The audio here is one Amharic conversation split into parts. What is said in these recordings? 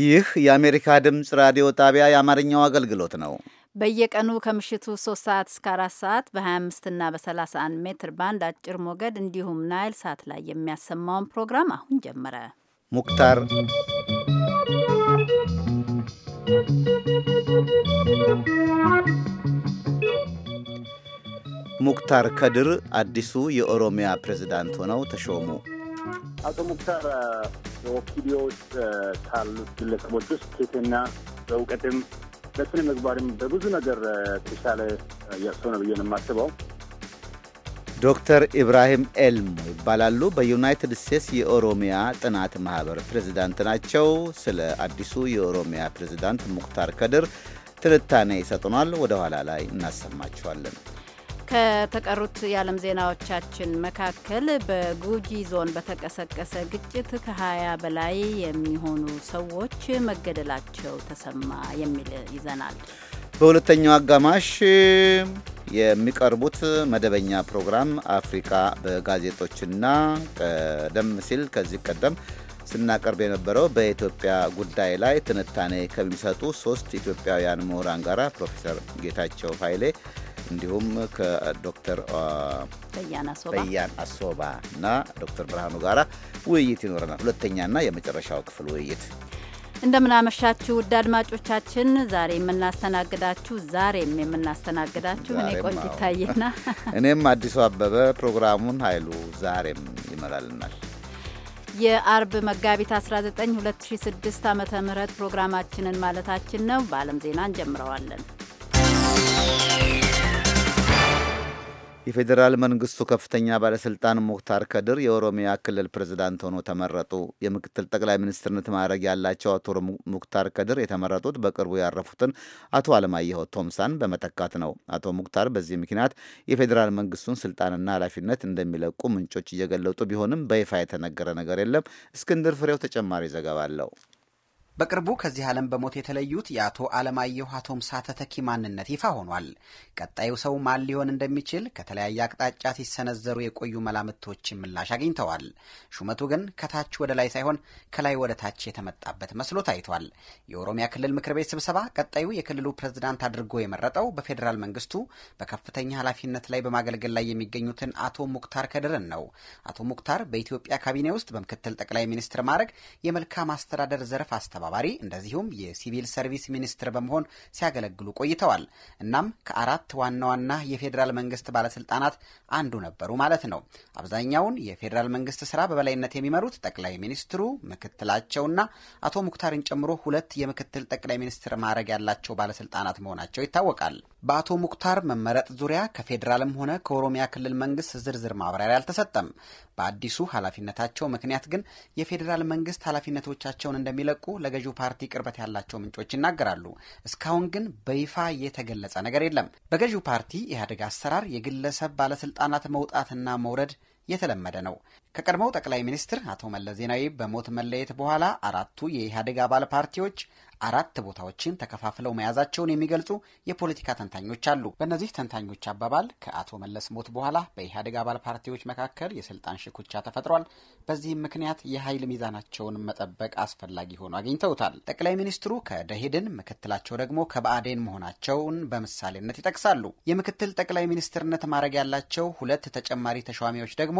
ይህ የአሜሪካ ድምፅ ራዲዮ ጣቢያ የአማርኛው አገልግሎት ነው። በየቀኑ ከምሽቱ 3 ሰዓት እስከ 4 ሰዓት በ25 እና በ31 ሜትር ባንድ አጭር ሞገድ እንዲሁም ናይል ሳት ላይ የሚያሰማውን ፕሮግራም አሁን ጀመረ። ሙክታር ሙክታር ከድር አዲሱ የኦሮሚያ ፕሬዝዳንት ሆነው ተሾሙ። አቶ ሙክታር በኦፒዲዮ ውስጥ ካሉት ግለሰቦች ውስጥ ትህትና በእውቀትም በስነ ምግባርም በብዙ ነገር ተሻለ የእርሶ ነው ብዬ ነው የማስበው። ዶክተር ኢብራሂም ኤልሞ ይባላሉ። በዩናይትድ ስቴትስ የኦሮሚያ ጥናት ማህበር ፕሬዝዳንት ናቸው። ስለ አዲሱ የኦሮሚያ ፕሬዝዳንት ሙክታር ከድር ትንታኔ ይሰጡናል። ወደ ኋላ ላይ እናሰማችኋለን። ከተቀሩት የዓለም ዜናዎቻችን መካከል በጉጂ ዞን በተቀሰቀሰ ግጭት ከ20 በላይ የሚሆኑ ሰዎች መገደላቸው ተሰማ የሚል ይዘናል። በሁለተኛው አጋማሽ የሚቀርቡት መደበኛ ፕሮግራም አፍሪካ በጋዜጦችና ቀደም ሲል ከዚህ ቀደም ስናቀርብ የነበረው በኢትዮጵያ ጉዳይ ላይ ትንታኔ ከሚሰጡ ሶስት ኢትዮጵያውያን ምሁራን ጋር ፕሮፌሰር ጌታቸው ኃይሌ እንዲሁም ከዶክተር በያን አሶባ እና ዶክተር ብርሃኑ ጋራ ውይይት ይኖረናል። ሁለተኛና የመጨረሻው ክፍል ውይይት እንደምናመሻችሁ ውድ አድማጮቻችን፣ ዛሬ የምናስተናግዳችሁ ዛሬም የምናስተናግዳችሁ እኔ ቆንጆ ይታየና እኔም አዲሱ አበበ ፕሮግራሙን ኃይሉ ዛሬም ይመራልናል። የአርብ መጋቢት 19 2006 ዓ ም ፕሮግራማችንን ማለታችን ነው። በዓለም ዜና እንጀምረዋለን። የፌዴራል መንግስቱ ከፍተኛ ባለስልጣን ሙክታር ከድር የኦሮሚያ ክልል ፕሬዝዳንት ሆኖ ተመረጡ። የምክትል ጠቅላይ ሚኒስትርነት ማዕረግ ያላቸው አቶ ሙክታር ከድር የተመረጡት በቅርቡ ያረፉትን አቶ አለማየሁ ቶምሳን በመተካት ነው። አቶ ሙክታር በዚህ ምክንያት የፌዴራል መንግስቱን ስልጣንና ኃላፊነት እንደሚለቁ ምንጮች እየገለጡ ቢሆንም በይፋ የተነገረ ነገር የለም። እስክንድር ፍሬው ተጨማሪ ዘገባ አለው። በቅርቡ ከዚህ ዓለም በሞት የተለዩት የአቶ አለማየሁ አቶምሳ ተተኪ ማንነት ይፋ ሆኗል። ቀጣዩ ሰው ማን ሊሆን እንደሚችል ከተለያየ አቅጣጫ ሲሰነዘሩ የቆዩ መላምቶች ምላሽ አግኝተዋል። ሹመቱ ግን ከታች ወደ ላይ ሳይሆን ከላይ ወደ ታች የተመጣበት መስሎ ታይቷል። የኦሮሚያ ክልል ምክር ቤት ስብሰባ ቀጣዩ የክልሉ ፕሬዝዳንት አድርጎ የመረጠው በፌዴራል መንግስቱ በከፍተኛ ኃላፊነት ላይ በማገልገል ላይ የሚገኙትን አቶ ሙክታር ከድርን ነው። አቶ ሙክታር በኢትዮጵያ ካቢኔ ውስጥ በምክትል ጠቅላይ ሚኒስትር ማዕረግ የመልካም አስተዳደር ዘርፍ አስተባ አስተባባሪ እንደዚሁም የሲቪል ሰርቪስ ሚኒስትር በመሆን ሲያገለግሉ ቆይተዋል። እናም ከአራት ዋና ዋና የፌዴራል መንግስት ባለስልጣናት አንዱ ነበሩ ማለት ነው። አብዛኛውን የፌዴራል መንግስት ስራ በበላይነት የሚመሩት ጠቅላይ ሚኒስትሩ ምክትላቸውና አቶ ሙክታርን ጨምሮ ሁለት የምክትል ጠቅላይ ሚኒስትር ማዕረግ ያላቸው ባለስልጣናት መሆናቸው ይታወቃል። በአቶ ሙክታር መመረጥ ዙሪያ ከፌዴራልም ሆነ ከኦሮሚያ ክልል መንግስት ዝርዝር ማብራሪያ አልተሰጠም። በአዲሱ ኃላፊነታቸው ምክንያት ግን የፌዴራል መንግስት ኃላፊነቶቻቸውን እንደሚለቁ ለገ ለገዢው ፓርቲ ቅርበት ያላቸው ምንጮች ይናገራሉ። እስካሁን ግን በይፋ የተገለጸ ነገር የለም። በገዢው ፓርቲ ኢህአዴግ አሰራር የግለሰብ ባለስልጣናት መውጣትና መውረድ የተለመደ ነው። ከቀድሞው ጠቅላይ ሚኒስትር አቶ መለስ ዜናዊ በሞት መለየት በኋላ አራቱ የኢህአዴግ አባል ፓርቲዎች አራት ቦታዎችን ተከፋፍለው መያዛቸውን የሚገልጹ የፖለቲካ ተንታኞች አሉ። በእነዚህ ተንታኞች አባባል ከአቶ መለስ ሞት በኋላ በኢህአዴግ አባል ፓርቲዎች መካከል የስልጣን ሽኩቻ ተፈጥሯል። በዚህም ምክንያት የኃይል ሚዛናቸውን መጠበቅ አስፈላጊ ሆኖ አግኝተውታል። ጠቅላይ ሚኒስትሩ ከደሄድን ምክትላቸው ደግሞ ከብአዴን መሆናቸውን በምሳሌነት ይጠቅሳሉ። የምክትል ጠቅላይ ሚኒስትርነት ማድረግ ያላቸው ሁለት ተጨማሪ ተሿሚዎች ደግሞ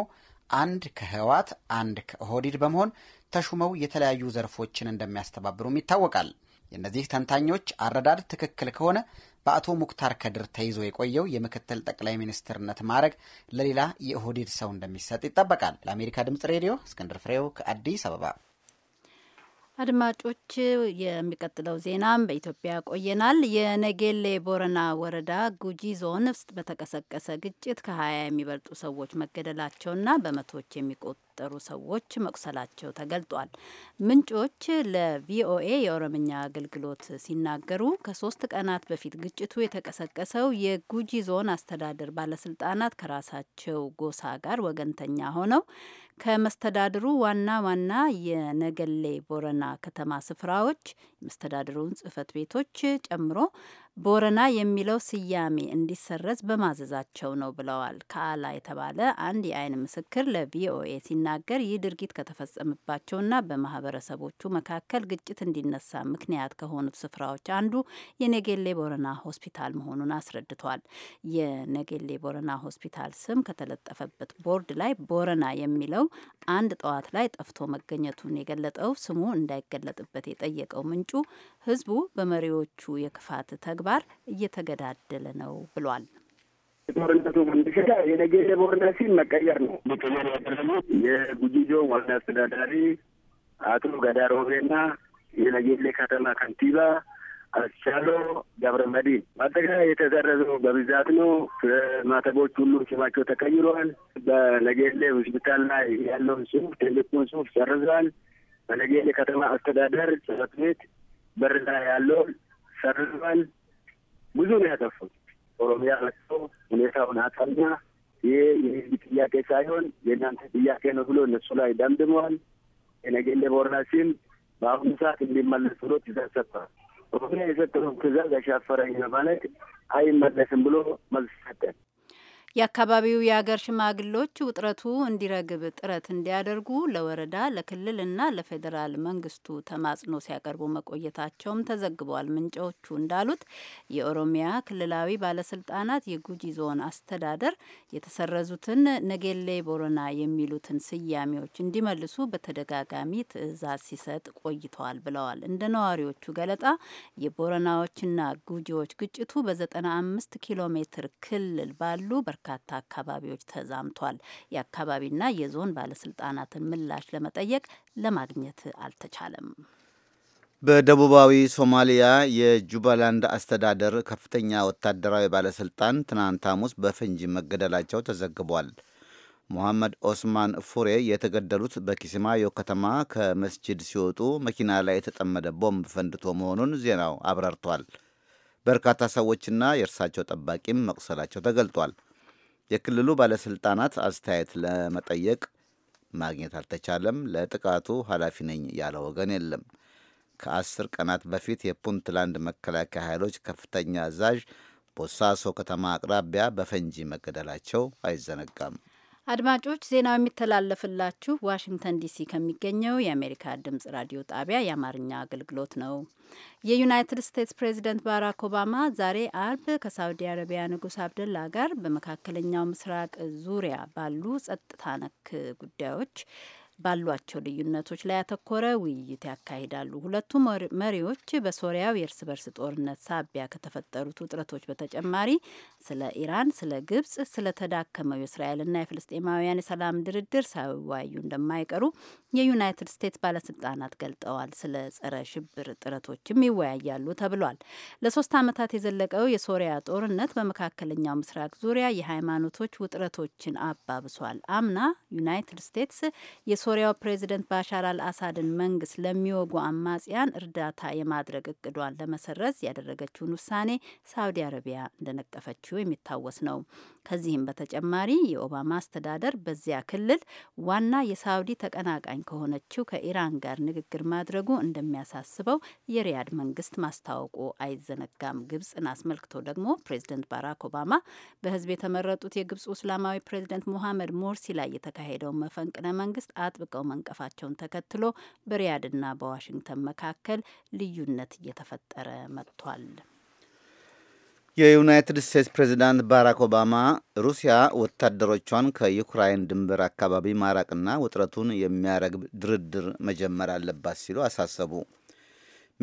አንድ ከህወሓት አንድ ከኦህዴድ በመሆን ተሹመው የተለያዩ ዘርፎችን እንደሚያስተባብሩም ይታወቃል። የእነዚህ ተንታኞች አረዳድ ትክክል ከሆነ በአቶ ሙክታር ከድር ተይዞ የቆየው የምክትል ጠቅላይ ሚኒስትርነት ማዕረግ ለሌላ የኦህዴድ ሰው እንደሚሰጥ ይጠበቃል። ለአሜሪካ ድምጽ ሬዲዮ እስክንድር ፍሬው ከአዲስ አበባ አድማጮች የሚቀጥለው ዜናም በኢትዮጵያ ያቆየናል። የነጌሌ ቦረና ወረዳ ጉጂ ዞን ውስጥ በተቀሰቀሰ ግጭት ከሀያ የሚበልጡ ሰዎች መገደላቸውና በመቶዎች የሚቆጠሩ ሰዎች መቁሰላቸው ተገልጧል። ምንጮች ለቪኦኤ የኦሮምኛ አገልግሎት ሲናገሩ ከሶስት ቀናት በፊት ግጭቱ የተቀሰቀሰው የጉጂ ዞን አስተዳደር ባለስልጣናት ከራሳቸው ጎሳ ጋር ወገንተኛ ሆነው ከመስተዳድሩ ዋና ዋና የነገሌ ቦረና ከተማ ስፍራዎች የመስተዳድሩን ጽህፈት ቤቶች ጨምሮ ቦረና የሚለው ስያሜ እንዲሰረዝ በማዘዛቸው ነው ብለዋል። ከአላ የተባለ አንድ የአይን ምስክር ለቪኦኤ ሲናገር ይህ ድርጊት ከተፈጸመባቸውና በማህበረሰቦቹ መካከል ግጭት እንዲነሳ ምክንያት ከሆኑት ስፍራዎች አንዱ የነጌሌ ቦረና ሆስፒታል መሆኑን አስረድቷል። የነጌሌ ቦረና ሆስፒታል ስም ከተለጠፈበት ቦርድ ላይ ቦረና የሚለው አንድ ጠዋት ላይ ጠፍቶ መገኘቱን የገለጠው ስሙ እንዳይገለጥበት የጠየቀው ምንጩ ህዝቡ በመሪዎቹ የክፋት ተግባር እየተገዳደለ ነው ብሏል። ጦርነቱ መነሻ የነገ ሲል መቀየር ነው። መቀየር ያደረጉት የጉጂጆ ዋና አስተዳዳሪ አቶ ገዳ ሮቤና የነጌሌ ከተማ ከንቲባ አስቻሎ ገብረ መድህን በአጠቃላይ የተዘረዘው በብዛት ነው። ማተቦች ሁሉ ስማቸው ተቀይሯል። በነጌሌ ሆስፒታል ላይ ያለውን ጽሁፍ ትልቁን ጽሁፍ ሰርዟል። በነጌሌ ከተማ አስተዳደር ጽሕፈት ቤት በር ላይ ያለውን ሰርዟል። ብዙ ነው ያጠፉት። ኦሮሚያ መጥቶ ሁኔታውን አጠና። ይህ የህዝብ ጥያቄ ሳይሆን የእናንተ ጥያቄ ነው ብሎ እነሱ ላይ ደምድመዋል። የነገሌ ቦረና ሲም በአሁኑ ሰዓት እንዲመለስ ብሎ ትእዛዝ ሰጥቷል። ኦሮሚያ የሰጠውን ትእዛዝ ያሻፈረኝ በማለት አይመለስም ብሎ መልስ ሰጠን። የአካባቢው የሀገር ሽማግሎች ውጥረቱ እንዲረግብ ጥረት እንዲያደርጉ ለወረዳ ለክልልና ለፌዴራል መንግስቱ ተማጽኖ ሲያቀርቡ መቆየታቸውም ተዘግበዋል። ምንጮቹ እንዳሉት የኦሮሚያ ክልላዊ ባለስልጣናት የጉጂ ዞን አስተዳደር የተሰረዙትን ነጌሌ ቦረና የሚሉትን ስያሜዎች እንዲመልሱ በተደጋጋሚ ትዕዛዝ ሲሰጥ ቆይተዋል ብለዋል። እንደ ነዋሪዎቹ ገለጣ የቦረናዎችና ጉጂዎች ግጭቱ በ95 ኪሎ ሜትር ክልል ባሉ በርካታ አካባቢዎች ተዛምቷል። የአካባቢና የዞን ባለስልጣናትን ምላሽ ለመጠየቅ ለማግኘት አልተቻለም። በደቡባዊ ሶማሊያ የጁባላንድ አስተዳደር ከፍተኛ ወታደራዊ ባለስልጣን ትናንት ሐሙስ በፈንጂ መገደላቸው ተዘግቧል። ሞሐመድ ኦስማን ፉሬ የተገደሉት በኪስማዮ ከተማ ከመስጅድ ሲወጡ መኪና ላይ የተጠመደ ቦምብ ፈንድቶ መሆኑን ዜናው አብራርቷል። በርካታ ሰዎችና የእርሳቸው ጠባቂም መቁሰላቸው ተገልጧል። የክልሉ ባለስልጣናት አስተያየት ለመጠየቅ ማግኘት አልተቻለም። ለጥቃቱ ኃላፊ ነኝ ያለ ወገን የለም። ከአስር ቀናት በፊት የፑንትላንድ መከላከያ ኃይሎች ከፍተኛ አዛዥ ቦሳሶ ከተማ አቅራቢያ በፈንጂ መገደላቸው አይዘነጋም። አድማጮች ዜናው የሚተላለፍላችሁ ዋሽንግተን ዲሲ ከሚገኘው የአሜሪካ ድምጽ ራዲዮ ጣቢያ የአማርኛ አገልግሎት ነው። የዩናይትድ ስቴትስ ፕሬዚደንት ባራክ ኦባማ ዛሬ አርብ ከሳውዲ አረቢያ ንጉሥ አብደላ ጋር በመካከለኛው ምስራቅ ዙሪያ ባሉ ጸጥታ ነክ ጉዳዮች ባሏቸው ልዩነቶች ላይ ያተኮረ ውይይት ያካሂዳሉ። ሁለቱ መሪዎች በሶሪያው የእርስ በርስ ጦርነት ሳቢያ ከተፈጠሩት ውጥረቶች በተጨማሪ ስለ ኢራን፣ ስለ ግብጽ፣ ስለተዳከመው የእስራኤልና የፍልስጤማውያን የሰላም ድርድር ሳይወያዩ እንደማይቀሩ የዩናይትድ ስቴትስ ባለስልጣናት ገልጠዋል። ስለ ጸረ ሽብር ጥረቶችም ይወያያሉ ተብሏል። ለሶስት ዓመታት የዘለቀው የሶሪያ ጦርነት በመካከለኛው ምስራቅ ዙሪያ የሃይማኖቶች ውጥረቶችን አባብሷል። አምና ዩናይትድ ስቴትስ የሶሪያው ፕሬዚደንት ባሻር አልአሳድን መንግስት ለሚወጉ አማጽያን እርዳታ የማድረግ እቅዷን ለመሰረዝ ያደረገችውን ውሳኔ ሳውዲ አረቢያ እንደነቀፈችው የሚታወስ ነው። ከዚህም በተጨማሪ የኦባማ አስተዳደር በዚያ ክልል ዋና የሳውዲ ተቀናቃኝ ከሆነችው ከኢራን ጋር ንግግር ማድረጉ እንደሚያሳስበው የሪያድ መንግስት ማስታወቁ አይዘነጋም። ግብጽን አስመልክቶ ደግሞ ፕሬዚደንት ባራክ ኦባማ በህዝብ የተመረጡት የግብጹ እስላማዊ ፕሬዚደንት ሙሐመድ ሞርሲ ላይ የተካሄደውን መፈንቅለ መንግስት አጥብቀው መንቀፋቸውን ተከትሎ በሪያድና በዋሽንግተን መካከል ልዩነት እየተፈጠረ መጥቷል። የዩናይትድ ስቴትስ ፕሬዚዳንት ባራክ ኦባማ ሩሲያ ወታደሮቿን ከዩክራይን ድንበር አካባቢ ማራቅና ውጥረቱን የሚያረግብ ድርድር መጀመር አለባት ሲሉ አሳሰቡ።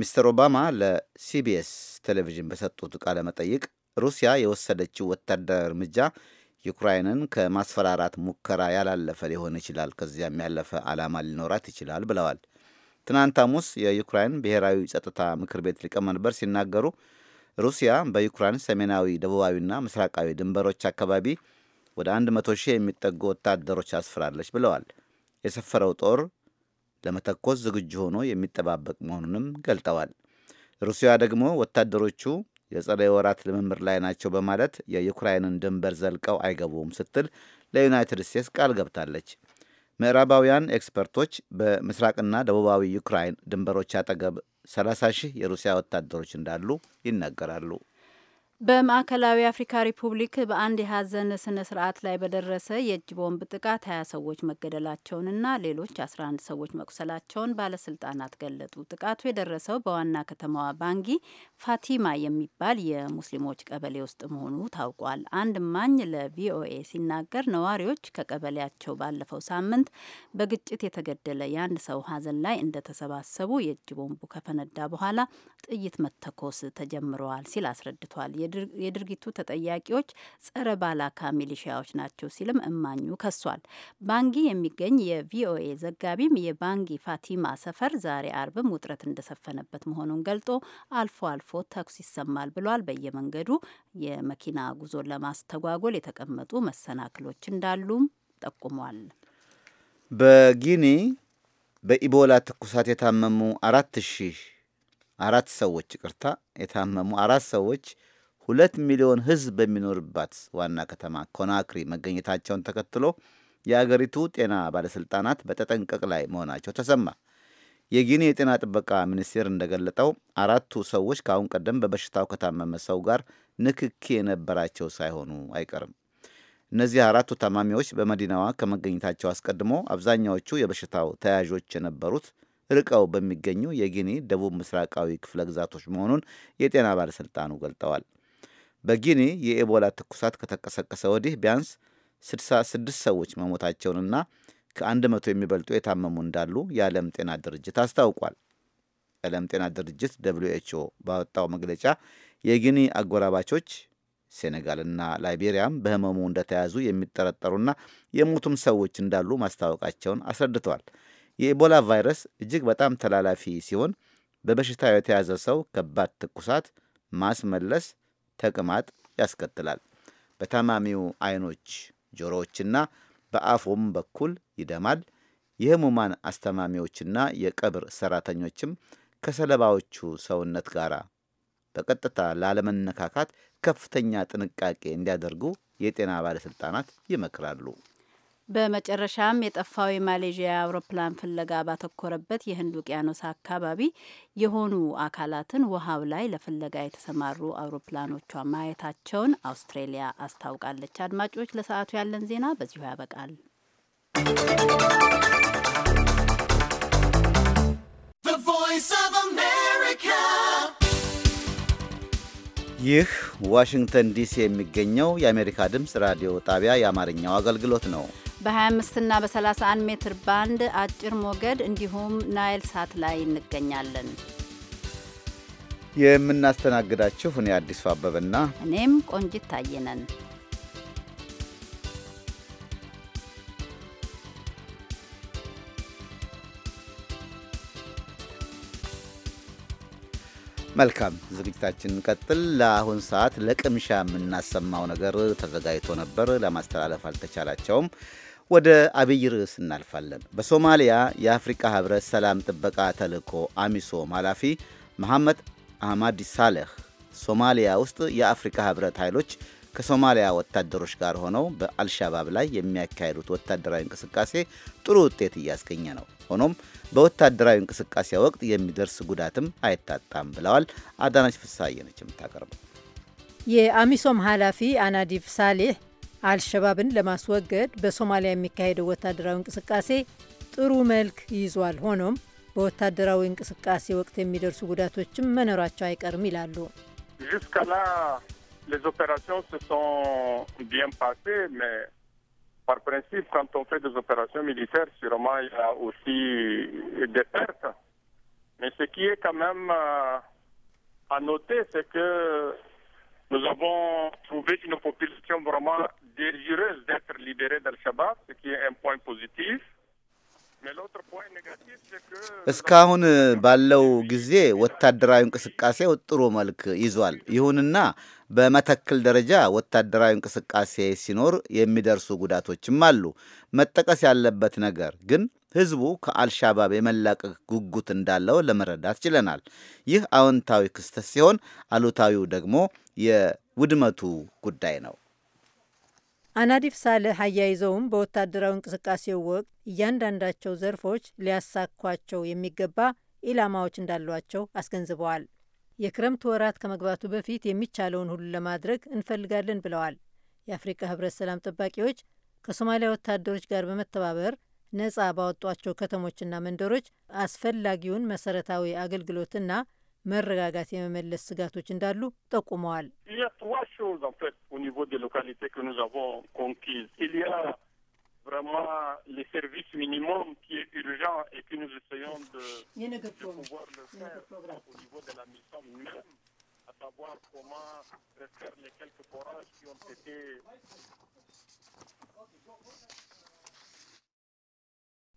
ሚስተር ኦባማ ለሲቢኤስ ቴሌቪዥን በሰጡት ቃለ መጠይቅ ሩሲያ የወሰደችው ወታደራዊ እርምጃ ዩክራይንን ከማስፈራራት ሙከራ ያላለፈ ሊሆን ይችላል፣ ከዚያም ያለፈ ዓላማ ሊኖራት ይችላል ብለዋል። ትናንት ሐሙስ የዩክራይን ብሔራዊ ጸጥታ ምክር ቤት ሊቀመንበር ሲናገሩ ሩሲያ በዩክራይን ሰሜናዊ፣ ደቡባዊና ምስራቃዊ ድንበሮች አካባቢ ወደ 100 ሺህ የሚጠጉ ወታደሮች አስፍራለች ብለዋል። የሰፈረው ጦር ለመተኮስ ዝግጁ ሆኖ የሚጠባበቅ መሆኑንም ገልጠዋል። ሩሲያ ደግሞ ወታደሮቹ የጸረ ወራት ልምምድ ላይ ናቸው በማለት የዩክራይንን ድንበር ዘልቀው አይገቡም ስትል ለዩናይትድ ስቴትስ ቃል ገብታለች። ምዕራባውያን ኤክስፐርቶች በምስራቅና ደቡባዊ ዩክራይን ድንበሮች አጠገብ 30 ሺህ የሩሲያ ወታደሮች እንዳሉ ይናገራሉ። በማዕከላዊ አፍሪካ ሪፑብሊክ በአንድ የሀዘን ስነ ስርዓት ላይ በደረሰ የእጅ ቦምብ ጥቃት ሀያ ሰዎች መገደላቸውንና ሌሎች አስራ አንድ ሰዎች መቁሰላቸውን ባለስልጣናት ገለጡ። ጥቃቱ የደረሰው በዋና ከተማዋ ባንጊ ፋቲማ የሚባል የሙስሊሞች ቀበሌ ውስጥ መሆኑ ታውቋል። አንድ ማኝ ለቪኦኤ ሲናገር ነዋሪዎች ከቀበሌያቸው ባለፈው ሳምንት በግጭት የተገደለ የአንድ ሰው ሀዘን ላይ እንደተሰባሰቡ የእጅ ቦምቡ ከፈነዳ በኋላ ጥይት መተኮስ ተጀምረዋል ሲል አስረድቷል። የድርጊቱ ተጠያቂዎች ጸረ ባላካ ሚሊሺያዎች ናቸው ሲልም እማኙ ከሷል። ባንጊ የሚገኝ የቪኦኤ ዘጋቢም የባንጊ ፋቲማ ሰፈር ዛሬ አርብም ውጥረት እንደሰፈነበት መሆኑን ገልጦ አልፎ አልፎ ተኩስ ይሰማል ብሏል። በየመንገዱ የመኪና ጉዞን ለማስተጓጎል የተቀመጡ መሰናክሎች እንዳሉም ጠቁሟል። በጊኒ በኢቦላ ትኩሳት የታመሙ አራት ሺህ አራት ሰዎች ይቅርታ የታመሙ አራት ሰዎች ሁለት ሚሊዮን ሕዝብ በሚኖርባት ዋና ከተማ ኮናክሪ መገኘታቸውን ተከትሎ የአገሪቱ ጤና ባለሥልጣናት በተጠንቀቅ ላይ መሆናቸው ተሰማ። የጊኒ የጤና ጥበቃ ሚኒስቴር እንደገለጠው አራቱ ሰዎች ከአሁን ቀደም በበሽታው ከታመመ ሰው ጋር ንክኪ የነበራቸው ሳይሆኑ አይቀርም። እነዚህ አራቱ ታማሚዎች በመዲናዋ ከመገኘታቸው አስቀድሞ አብዛኛዎቹ የበሽታው ተያዦች የነበሩት ርቀው በሚገኙ የጊኒ ደቡብ ምስራቃዊ ክፍለ ግዛቶች መሆኑን የጤና ባለሥልጣኑ ገልጠዋል። በጊኒ የኤቦላ ትኩሳት ከተቀሰቀሰ ወዲህ ቢያንስ 66 ሰዎች መሞታቸውንና ከ100 የሚበልጡ የታመሙ እንዳሉ የዓለም ጤና ድርጅት አስታውቋል። የዓለም ጤና ድርጅት ደብሊው ኤችኦ ባወጣው መግለጫ የጊኒ አጎራባቾች ሴኔጋልና ላይቤሪያም በህመሙ እንደተያዙ የሚጠረጠሩና የሞቱም ሰዎች እንዳሉ ማስታወቃቸውን አስረድተዋል። የኢቦላ ቫይረስ እጅግ በጣም ተላላፊ ሲሆን በበሽታው የተያዘ ሰው ከባድ ትኩሳት፣ ማስመለስ ተቅማጥ ያስከትላል። በታማሚው አይኖች፣ ጆሮዎችና በአፉም በኩል ይደማል። የህሙማን አስተማሚዎችና የቀብር ሰራተኞችም ከሰለባዎቹ ሰውነት ጋር በቀጥታ ላለመነካካት ከፍተኛ ጥንቃቄ እንዲያደርጉ የጤና ባለሥልጣናት ይመክራሉ። በመጨረሻም የጠፋው የማሌዥያ አውሮፕላን ፍለጋ ባተኮረበት የህንድ ውቅያኖስ አካባቢ የሆኑ አካላትን ውሃው ላይ ለፍለጋ የተሰማሩ አውሮፕላኖቿ ማየታቸውን አውስትሬሊያ አስታውቃለች። አድማጮች፣ ለሰዓቱ ያለን ዜና በዚሁ ያበቃል። ይህ ዋሽንግተን ዲሲ የሚገኘው የአሜሪካ ድምፅ ራዲዮ ጣቢያ የአማርኛው አገልግሎት ነው። በ25 እና በ31 ሜትር ባንድ አጭር ሞገድ እንዲሁም ናይል ሳት ላይ እንገኛለን። የምናስተናግዳችሁ እኔ አዲሱ አበበና እኔም ቆንጂት ታየነን። መልካም ዝግጅታችን እንቀጥል። ለአሁን ሰዓት ለቅምሻ የምናሰማው ነገር ተዘጋጅቶ ነበር፣ ለማስተላለፍ አልተቻላቸውም። ወደ አብይ ርዕስ እናልፋለን። በሶማሊያ የአፍሪካ ህብረት ሰላም ጥበቃ ተልእኮ አሚሶም ኃላፊ መሐመድ አህማድ ሳሌህ ሶማሊያ ውስጥ የአፍሪካ ህብረት ኃይሎች ከሶማሊያ ወታደሮች ጋር ሆነው በአልሻባብ ላይ የሚያካሄዱት ወታደራዊ እንቅስቃሴ ጥሩ ውጤት እያስገኘ ነው፣ ሆኖም በወታደራዊ እንቅስቃሴ ወቅት የሚደርስ ጉዳትም አይታጣም ብለዋል። አዳናች ፍሳዬ ነች የምታቀርበው። የአሚሶም ኃላፊ አናዲፍ ሳሌህ አልሸባብን ለማስወገድ በሶማሊያ የሚካሄደው ወታደራዊ እንቅስቃሴ ጥሩ መልክ ይዟል። ሆኖም በወታደራዊ እንቅስቃሴ ወቅት የሚደርሱ ጉዳቶችም መኖራቸው አይቀርም ይላሉ። ስ désireuse d'être libérée d'Al-Shabaab, ce qui est un point positif. እስካሁን ባለው ጊዜ ወታደራዊ እንቅስቃሴ ጥሩ መልክ ይዟል። ይሁንና በመተክል ደረጃ ወታደራዊ እንቅስቃሴ ሲኖር የሚደርሱ ጉዳቶችም አሉ። መጠቀስ ያለበት ነገር ግን ሕዝቡ ከአልሻባብ የመላቀቅ ጉጉት እንዳለው ለመረዳት ችለናል። ይህ አዎንታዊ ክስተት ሲሆን፣ አሉታዊው ደግሞ የውድመቱ ጉዳይ ነው። አናዲፍ ሳልህ አያይዘውም በወታደራዊ እንቅስቃሴው ወቅት እያንዳንዳቸው ዘርፎች ሊያሳኳቸው የሚገባ ኢላማዎች እንዳሏቸው አስገንዝበዋል። የክረምት ወራት ከመግባቱ በፊት የሚቻለውን ሁሉ ለማድረግ እንፈልጋለን ብለዋል። የአፍሪካ ህብረት ሰላም ጠባቂዎች ከሶማሊያ ወታደሮች ጋር በመተባበር ነጻ ባወጧቸው ከተሞችና መንደሮች አስፈላጊውን መሰረታዊ አገልግሎትና መረጋጋት የመመለስ ስጋቶች እንዳሉ ጠቁመዋል። en fait, au niveau des localités que nous avons conquises. Il y a vraiment les services minimums qui est urgent et que nous essayons de, pouvoir le faire au niveau de la mission même, à savoir comment faire les quelques forages qui ont été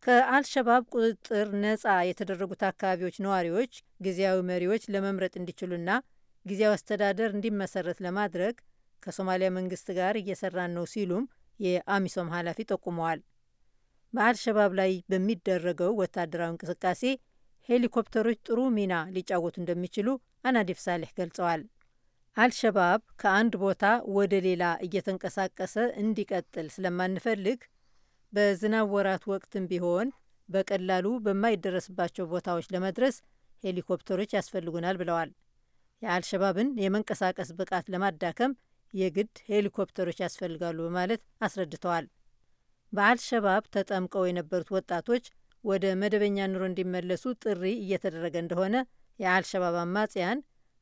ከአልሸባብ ቁጥጥር ነጻ የተደረጉት አካባቢዎች ነዋሪዎች ጊዜያዊ መሪዎች ለመምረጥ እንዲችሉና ጊዜያዊ አስተዳደር እንዲመሰረት ለማድረግ ከሶማሊያ መንግስት ጋር እየሰራን ነው ሲሉም የአሚሶም ኃላፊ ጠቁመዋል። በአልሸባብ ላይ በሚደረገው ወታደራዊ እንቅስቃሴ ሄሊኮፕተሮች ጥሩ ሚና ሊጫወቱ እንደሚችሉ አናዲፍ ሳሌህ ገልጸዋል። አልሸባብ ከአንድ ቦታ ወደ ሌላ እየተንቀሳቀሰ እንዲቀጥል ስለማንፈልግ በዝናብ ወራት ወቅትም ቢሆን በቀላሉ በማይደረስባቸው ቦታዎች ለመድረስ ሄሊኮፕተሮች ያስፈልጉናል ብለዋል። የአልሸባብን የመንቀሳቀስ ብቃት ለማዳከም የግድ ሄሊኮፕተሮች ያስፈልጋሉ በማለት አስረድተዋል። በአልሸባብ ተጠምቀው የነበሩት ወጣቶች ወደ መደበኛ ኑሮ እንዲመለሱ ጥሪ እየተደረገ እንደሆነ የአልሸባብ አማጽያን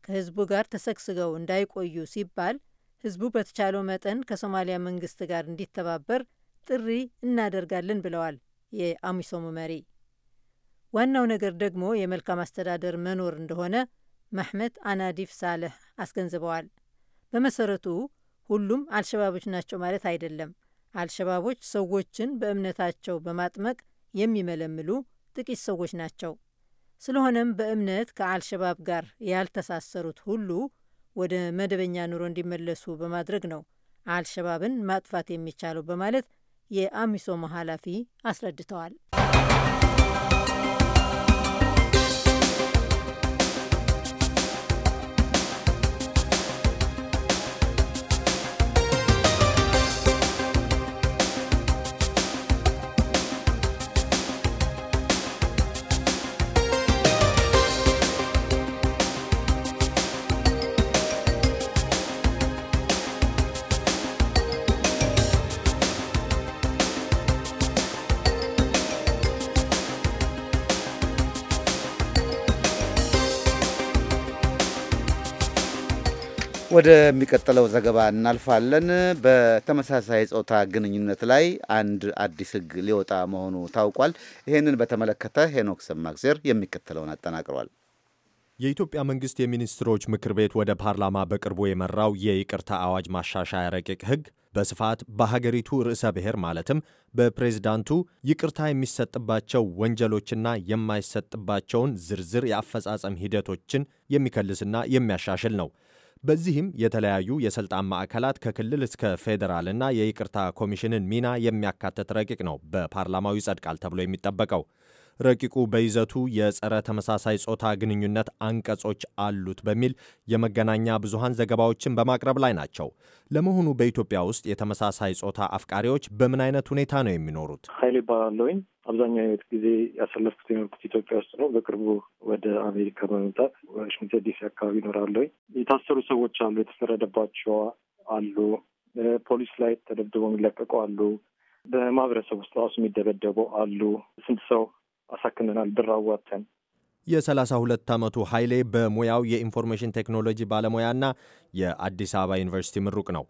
ከህዝቡ ጋር ተሰግስገው እንዳይቆዩ ሲባል ህዝቡ በተቻለው መጠን ከሶማሊያ መንግስት ጋር እንዲተባበር ጥሪ እናደርጋለን ብለዋል የአሚሶሙ መሪ። ዋናው ነገር ደግሞ የመልካም አስተዳደር መኖር እንደሆነ መሕመድ አናዲፍ ሳልሕ አስገንዝበዋል። በመሰረቱ ሁሉም አልሸባቦች ናቸው ማለት አይደለም። አልሸባቦች ሰዎችን በእምነታቸው በማጥመቅ የሚመለምሉ ጥቂት ሰዎች ናቸው። ስለሆነም በእምነት ከአልሸባብ ጋር ያልተሳሰሩት ሁሉ ወደ መደበኛ ኑሮ እንዲመለሱ በማድረግ ነው አልሸባብን ማጥፋት የሚቻለው በማለት የአሚሶም ኃላፊ አስረድተዋል። ወደሚቀጥለው ዘገባ እናልፋለን። በተመሳሳይ ጾታ ግንኙነት ላይ አንድ አዲስ ህግ ሊወጣ መሆኑ ታውቋል። ይህንን በተመለከተ ሄኖክ ሰማግዜር የሚከተለውን አጠናቅሯል። የኢትዮጵያ መንግስት የሚኒስትሮች ምክር ቤት ወደ ፓርላማ በቅርቡ የመራው የይቅርታ አዋጅ ማሻሻያ ረቂቅ ህግ በስፋት በሀገሪቱ ርዕሰ ብሔር ማለትም በፕሬዝዳንቱ ይቅርታ የሚሰጥባቸው ወንጀሎችና የማይሰጥባቸውን ዝርዝር የአፈጻጸም ሂደቶችን የሚከልስና የሚያሻሽል ነው። በዚህም የተለያዩ የስልጣን ማዕከላት ከክልል እስከ ፌዴራልና የይቅርታ ኮሚሽንን ሚና የሚያካትት ረቂቅ ነው በፓርላማው ይጸድቃል ተብሎ የሚጠበቀው። ረቂቁ በይዘቱ የጸረ ተመሳሳይ ጾታ ግንኙነት አንቀጾች አሉት በሚል የመገናኛ ብዙሃን ዘገባዎችን በማቅረብ ላይ ናቸው። ለመሆኑ በኢትዮጵያ ውስጥ የተመሳሳይ ጾታ አፍቃሪዎች በምን አይነት ሁኔታ ነው የሚኖሩት? ሀይሌ ይባላለውኝ። አብዛኛው ጊዜ ያሳለፍኩት የኖርኩት ኢትዮጵያ ውስጥ ነው። በቅርቡ ወደ አሜሪካ በመምጣት ዋሽንግተን ዲሲ አካባቢ ይኖራለኝ። የታሰሩ ሰዎች አሉ፣ የተፈረደባቸው አሉ፣ ፖሊስ ላይ ተደብድበው የሚለቀቁ አሉ፣ በማህበረሰብ ውስጥ ራሱ የሚደበደቡ አሉ። ስንት ሰው አሳክመናል ብር የሰላሳ ሁለት ዓመቱ ኃይሌ በሙያው የኢንፎርሜሽን ቴክኖሎጂ ባለሙያና የአዲስ አበባ ዩኒቨርሲቲ ምሩቅ ነው።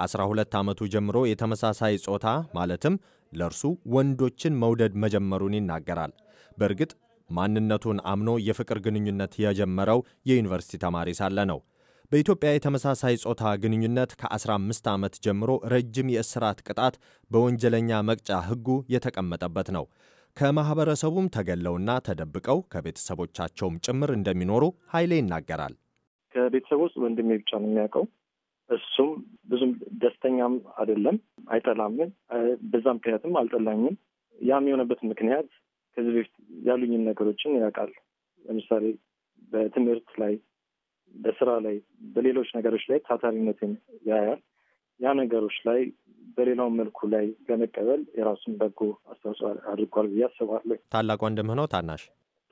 1 ሁለት ዓመቱ ጀምሮ የተመሳሳይ ጾታ ማለትም ለእርሱ ወንዶችን መውደድ መጀመሩን ይናገራል። በእርግጥ ማንነቱን አምኖ የፍቅር ግንኙነት የጀመረው የዩኒቨርሲቲ ተማሪ ሳለ ነው። በኢትዮጵያ የተመሳሳይ ጾታ ግንኙነት ከ15 ዓመት ጀምሮ ረጅም የእስራት ቅጣት በወንጀለኛ መቅጫ ሕጉ የተቀመጠበት ነው። ከማህበረሰቡም ተገለውና ተደብቀው ከቤተሰቦቻቸውም ጭምር እንደሚኖሩ ኃይሌ ይናገራል። ከቤተሰብ ውስጥ ወንድሜ ብቻ ነው የሚያውቀው። እሱም ብዙም ደስተኛም አይደለም፣ አይጠላምን። በዛ ምክንያትም አልጠላኝም። ያም የሆነበት ምክንያት ከዚህ በፊት ያሉኝን ነገሮችን ያውቃል። ለምሳሌ በትምህርት ላይ፣ በስራ ላይ፣ በሌሎች ነገሮች ላይ ታታሪነትን ያያል። ያ ነገሮች ላይ በሌላው መልኩ ላይ ለመቀበል የራሱን በጎ አስተዋጽኦ አድርጓል ብዬ አስባለሁ። ታላቅ ወንድምህ ነው? ታናሽ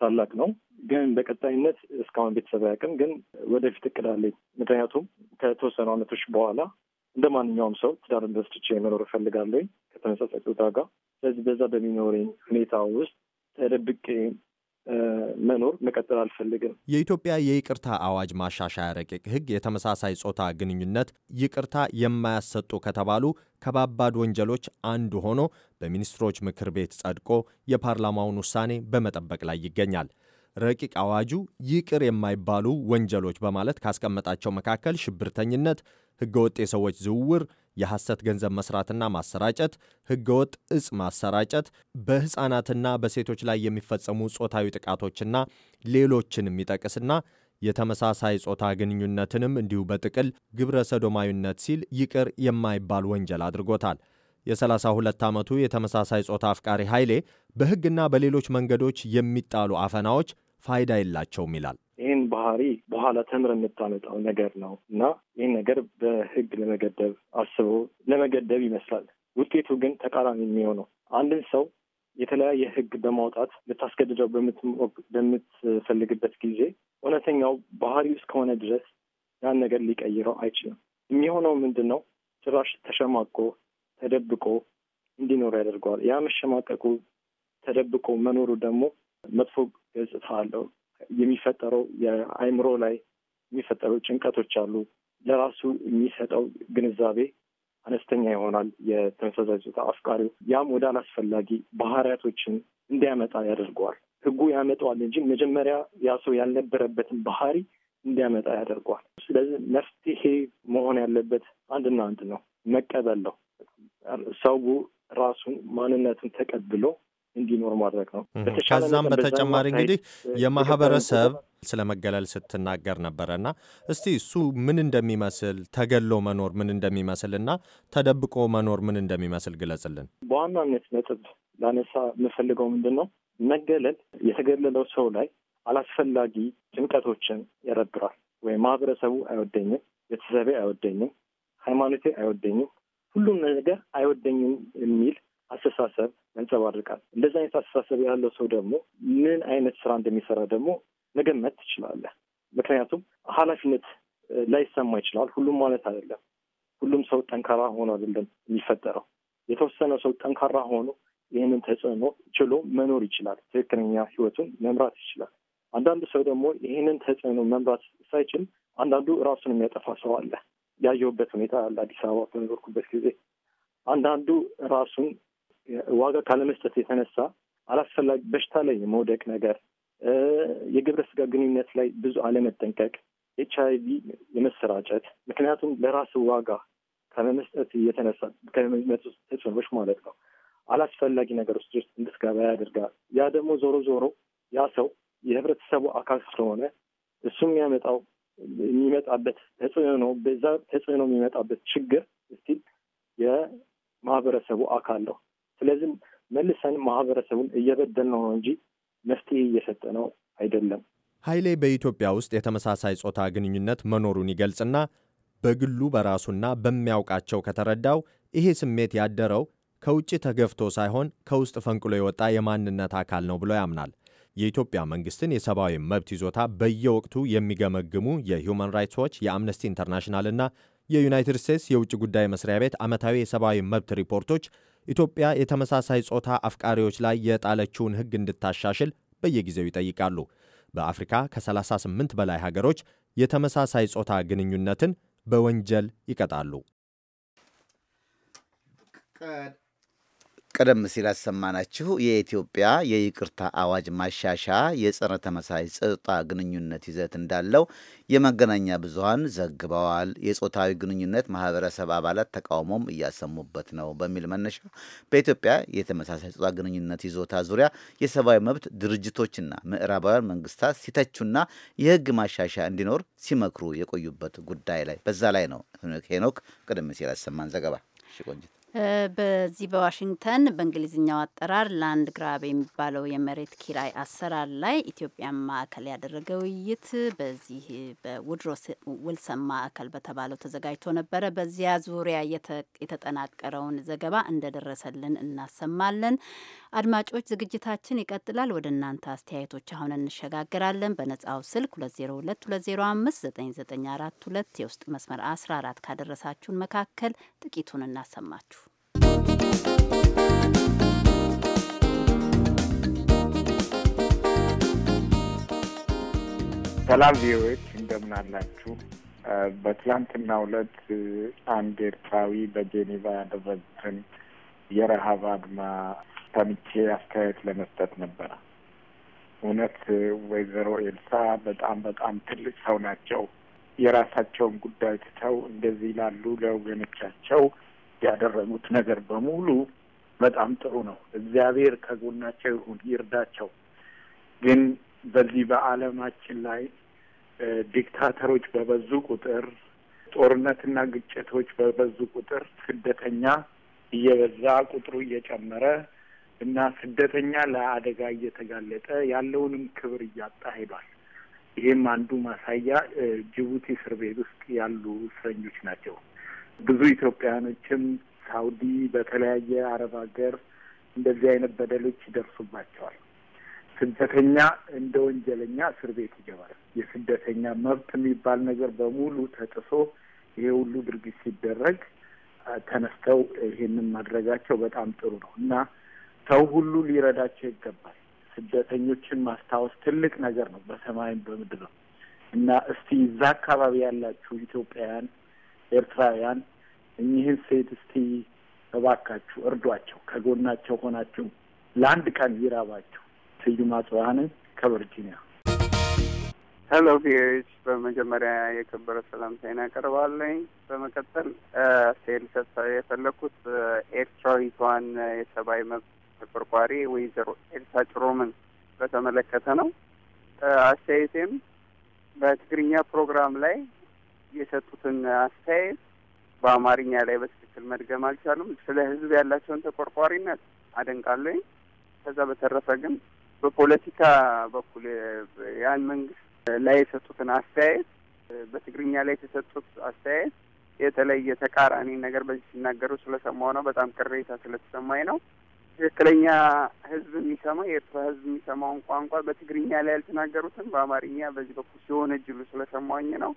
ታላቅ ነው፣ ግን በቀጣይነት እስካሁን ቤተሰብ ያቅም፣ ግን ወደፊት እቅዳለኝ ምክንያቱም ከተወሰኑ ዓመቶች በኋላ እንደ ማንኛውም ሰው ትዳር በስድቼ የመኖር እፈልጋለኝ ከተመሳሳይ ፆታ ጋር። ስለዚህ በዛ በሚኖረኝ ሁኔታ ውስጥ ተደብቄ መኖር መቀጠል አልፈልግም። የኢትዮጵያ የይቅርታ አዋጅ ማሻሻያ ረቂቅ ሕግ የተመሳሳይ ጾታ ግንኙነት ይቅርታ የማያሰጡ ከተባሉ ከባባድ ወንጀሎች አንዱ ሆኖ በሚኒስትሮች ምክር ቤት ጸድቆ የፓርላማውን ውሳኔ በመጠበቅ ላይ ይገኛል። ረቂቅ አዋጁ ይቅር የማይባሉ ወንጀሎች በማለት ካስቀመጣቸው መካከል ሽብርተኝነት፣ ህገወጥ የሰዎች ዝውውር፣ የሐሰት ገንዘብ መስራትና ማሰራጨት፣ ህገወጥ እጽ ማሰራጨት፣ በሕፃናትና በሴቶች ላይ የሚፈጸሙ ጾታዊ ጥቃቶችና ሌሎችን የሚጠቅስና የተመሳሳይ ጾታ ግንኙነትንም እንዲሁ በጥቅል ግብረ ሰዶማዊነት ሲል ይቅር የማይባል ወንጀል አድርጎታል። የ32 ዓመቱ የተመሳሳይ ጾታ አፍቃሪ ኃይሌ በሕግና በሌሎች መንገዶች የሚጣሉ አፈናዎች ፋይዳ የላቸውም ይላል። ይህን ባህሪ በኋላ ተምር የምታመጣው ነገር ነው እና ይህን ነገር በሕግ ለመገደብ አስቦ ለመገደብ ይመስላል። ውጤቱ ግን ተቃራኒ የሚሆነው አንድን ሰው የተለያየ ሕግ በማውጣት ልታስገድደው በምትፈልግበት ጊዜ እውነተኛው ባህሪው እስከሆነ ድረስ ያን ነገር ሊቀይረው አይችልም። የሚሆነው ምንድን ነው? ጭራሽ ተሸማቆ ተደብቆ እንዲኖር ያደርገዋል። ያ መሸማቀቁ ተደብቆ መኖሩ ደግሞ መጥፎ ገጽታ አለው። የሚፈጠረው የአእምሮ ላይ የሚፈጠረው ጭንቀቶች አሉ። ለራሱ የሚሰጠው ግንዛቤ አነስተኛ ይሆናል። የተመሳሳይ ጾታ አፍቃሪው ያም ወደ አላስፈላጊ ባህሪያቶችን እንዲያመጣ ያደርገዋል። ህጉ ያመጣዋል እንጂ መጀመሪያ ያ ሰው ያልነበረበትን ባህሪ እንዲያመጣ ያደርገዋል። ስለዚህ መፍትሄ መሆን ያለበት አንድና አንድ ነው፣ መቀበል ነው። ሰው ራሱን ማንነትን ተቀብሎ እንዲኖር ማድረግ ነው። ከዛም በተጨማሪ እንግዲህ የማህበረሰብ ስለ መገለል ስትናገር ና እስቲ እሱ ምን እንደሚመስል ተገሎ መኖር ምን እንደሚመስል እና ተደብቆ መኖር ምን እንደሚመስል ግለጽልን። በዋናነት ነጥብ ላነሳ የምፈልገው ምንድን ነው፣ መገለል የተገለለው ሰው ላይ አላስፈላጊ ጭንቀቶችን ያረብራል። ወይም ማህበረሰቡ አይወደኝም፣ ቤተሰቤ አይወደኝም፣ ሃይማኖቴ አይወደኝም ሁሉም ነገር አይወደኝም የሚል አስተሳሰብ ያንጸባርቃል። እንደዚህ አይነት አስተሳሰብ ያለው ሰው ደግሞ ምን አይነት ስራ እንደሚሰራ ደግሞ መገመት ትችላለህ። ምክንያቱም ኃላፊነት ላይሰማ ይችላል። ሁሉም ማለት አይደለም። ሁሉም ሰው ጠንካራ ሆኖ አይደለም የሚፈጠረው። የተወሰነ ሰው ጠንካራ ሆኖ ይህንን ተጽዕኖ ችሎ መኖር ይችላል። ትክክለኛ ህይወቱን መምራት ይችላል። አንዳንዱ ሰው ደግሞ ይህንን ተጽዕኖ መምራት ሳይችል፣ አንዳንዱ ራሱን የሚያጠፋ ሰው አለ። ያየሁበት ሁኔታ አለ። አዲስ አበባ በሚኖርኩበት ጊዜ አንዳንዱ ራሱን ዋጋ ካለመስጠት የተነሳ አላስፈላጊ በሽታ ላይ የመውደቅ ነገር፣ የግብረ ስጋ ግንኙነት ላይ ብዙ አለመጠንቀቅ፣ ኤች አይ ቪ የመሰራጨት ምክንያቱም ለራስ ዋጋ ካለመስጠት የተነሳ ከሚመጡ ተጽዕኖች ማለት ነው አላስፈላጊ ነገር ውስጥ ውስጥ እንድትገባ ያደርጋል። ያ ደግሞ ዞሮ ዞሮ ያ ሰው የህብረተሰቡ አካል ስለሆነ እሱ የሚያመጣው የሚመጣበት ተጽዕኖ በዛ ተጽዕኖ የሚመጣበት ችግር እስቲል የማህበረሰቡ አካል ነው። ስለዚህ መልሰን ማህበረሰቡን እየበደል ነው እንጂ መፍትሄ እየሰጠ ነው አይደለም። ኃይሌ በኢትዮጵያ ውስጥ የተመሳሳይ ጾታ ግንኙነት መኖሩን ይገልጽና በግሉ በራሱና በሚያውቃቸው ከተረዳው ይሄ ስሜት ያደረው ከውጭ ተገፍቶ ሳይሆን ከውስጥ ፈንቅሎ የወጣ የማንነት አካል ነው ብሎ ያምናል። የኢትዮጵያ መንግስትን የሰብአዊ መብት ይዞታ በየወቅቱ የሚገመግሙ የሂውማን ራይትስ ዎች፣ የአምነስቲ ኢንተርናሽናልና የዩናይትድ ስቴትስ የውጭ ጉዳይ መስሪያ ቤት ዓመታዊ የሰብአዊ መብት ሪፖርቶች ኢትዮጵያ የተመሳሳይ ጾታ አፍቃሪዎች ላይ የጣለችውን ሕግ እንድታሻሽል በየጊዜው ይጠይቃሉ። በአፍሪካ ከ38 በላይ ሀገሮች የተመሳሳይ ጾታ ግንኙነትን በወንጀል ይቀጣሉ። ቀደም ሲል አሰማናችሁ የኢትዮጵያ የይቅርታ አዋጅ ማሻሻ የጸረ ተመሳሳይ ጾታ ግንኙነት ይዘት እንዳለው የመገናኛ ብዙኃን ዘግበዋል። የጾታዊ ግንኙነት ማህበረሰብ አባላት ተቃውሞም እያሰሙበት ነው በሚል መነሻ በኢትዮጵያ የተመሳሳይ ጾታ ግንኙነት ይዞታ ዙሪያ የሰብአዊ መብት ድርጅቶችና ምዕራባውያን መንግስታት ሲተቹና የህግ ማሻሻ እንዲኖር ሲመክሩ የቆዩበት ጉዳይ ላይ በዛ ላይ ነው ሄኖክ ቀደም ሲል አሰማን ዘገባ። ቆንጅት በዚህ በዋሽንግተን በእንግሊዝኛው አጠራር ላንድ ግራብ የሚባለው የመሬት ኪራይ አሰራር ላይ ኢትዮጵያን ማዕከል ያደረገ ውይይት በዚህ በውድሮ ውልሰን ማዕከል በተባለው ተዘጋጅቶ ነበረ። በዚያ ዙሪያ የተጠናቀረውን ዘገባ እንደደረሰልን እናሰማለን። አድማጮች ዝግጅታችን ይቀጥላል። ወደ እናንተ አስተያየቶች አሁን እንሸጋግራለን። በነጻው ስልክ 2022059942 የውስጥ መስመር 14 ካደረሳችሁን መካከል ጥቂቱን እናሰማችሁ። ሰላም ቪዎች እንደምን አላችሁ? በትላንትናው ዕለት አንድ ኤርትራዊ በጄኔቫ ያደረጉትን የረሀብ አድማ ሰምቼ አስተያየት ለመስጠት ነበረ። እውነት ወይዘሮ ኤልሳ በጣም በጣም ትልቅ ሰው ናቸው። የራሳቸውን ጉዳይ ትተው እንደዚህ ላሉ ለወገኖቻቸው ያደረጉት ነገር በሙሉ በጣም ጥሩ ነው። እግዚአብሔር ከጎናቸው ይሁን ይርዳቸው። ግን በዚህ በዓለማችን ላይ ዲክታተሮች በበዙ ቁጥር፣ ጦርነትና ግጭቶች በበዙ ቁጥር ስደተኛ እየበዛ ቁጥሩ እየጨመረ እና ስደተኛ ለአደጋ እየተጋለጠ ያለውንም ክብር እያጣ ሄዷል። ይህም አንዱ ማሳያ ጅቡቲ እስር ቤት ውስጥ ያሉ እስረኞች ናቸው። ብዙ ኢትዮጵያውያኖችም ሳውዲ፣ በተለያየ አረብ ሀገር እንደዚህ አይነት በደሎች ይደርሱባቸዋል። ስደተኛ እንደ ወንጀለኛ እስር ቤት ይገባል። የስደተኛ መብት የሚባል ነገር በሙሉ ተጥሶ ይሄ ሁሉ ድርጊት ሲደረግ ተነስተው ይሄንን ማድረጋቸው በጣም ጥሩ ነው እና ሰው ሁሉ ሊረዳቸው ይገባል። ስደተኞችን ማስታወስ ትልቅ ነገር ነው በሰማይም በምድር ነው እና እስቲ እዛ አካባቢ ያላችሁ ኢትዮጵያውያን፣ ኤርትራውያን እኚህን ሴት እስቲ እባካችሁ እርዷቸው፣ ከጎናቸው ሆናችሁ ለአንድ ቀን ይራባችሁ ስዩም አጽብሃ ከቨርጂኒያ። ሄሎ ቪዎች በመጀመሪያ የከበረ ሰላምታዬን አቀርባለኝ። በመቀጠል ሴል ሰብሳቢ የፈለግኩት ኤርትራዊቷን የሰብአዊ መብት ተቆርቋሪ ወይዘሮ ኤልሳ ጭሮምን በተመለከተ ነው። አስተያየቴም በትግርኛ ፕሮግራም ላይ የሰጡትን አስተያየት በአማርኛ ላይ በትክክል መድገም አልቻሉም። ስለ ህዝብ ያላቸውን ተቆርቋሪነት አደንቃለኝ። ከዛ በተረፈ ግን በፖለቲካ በኩል ያን መንግስት ላይ የሰጡትን አስተያየት በትግርኛ ላይ የተሰጡት አስተያየት የተለየ ተቃራኒ ነገር በዚህ ሲናገሩ ስለሰማሁ ነው። በጣም ቅሬታ ስለተሰማኝ ነው። ትክክለኛ ህዝብ የሚሰማው የኤርትራ ህዝብ የሚሰማውን ቋንቋ በትግርኛ ላይ ያልተናገሩትን በአማርኛ በዚህ በኩል ሲሆን እጅሉ ስለሰማኝ ነው።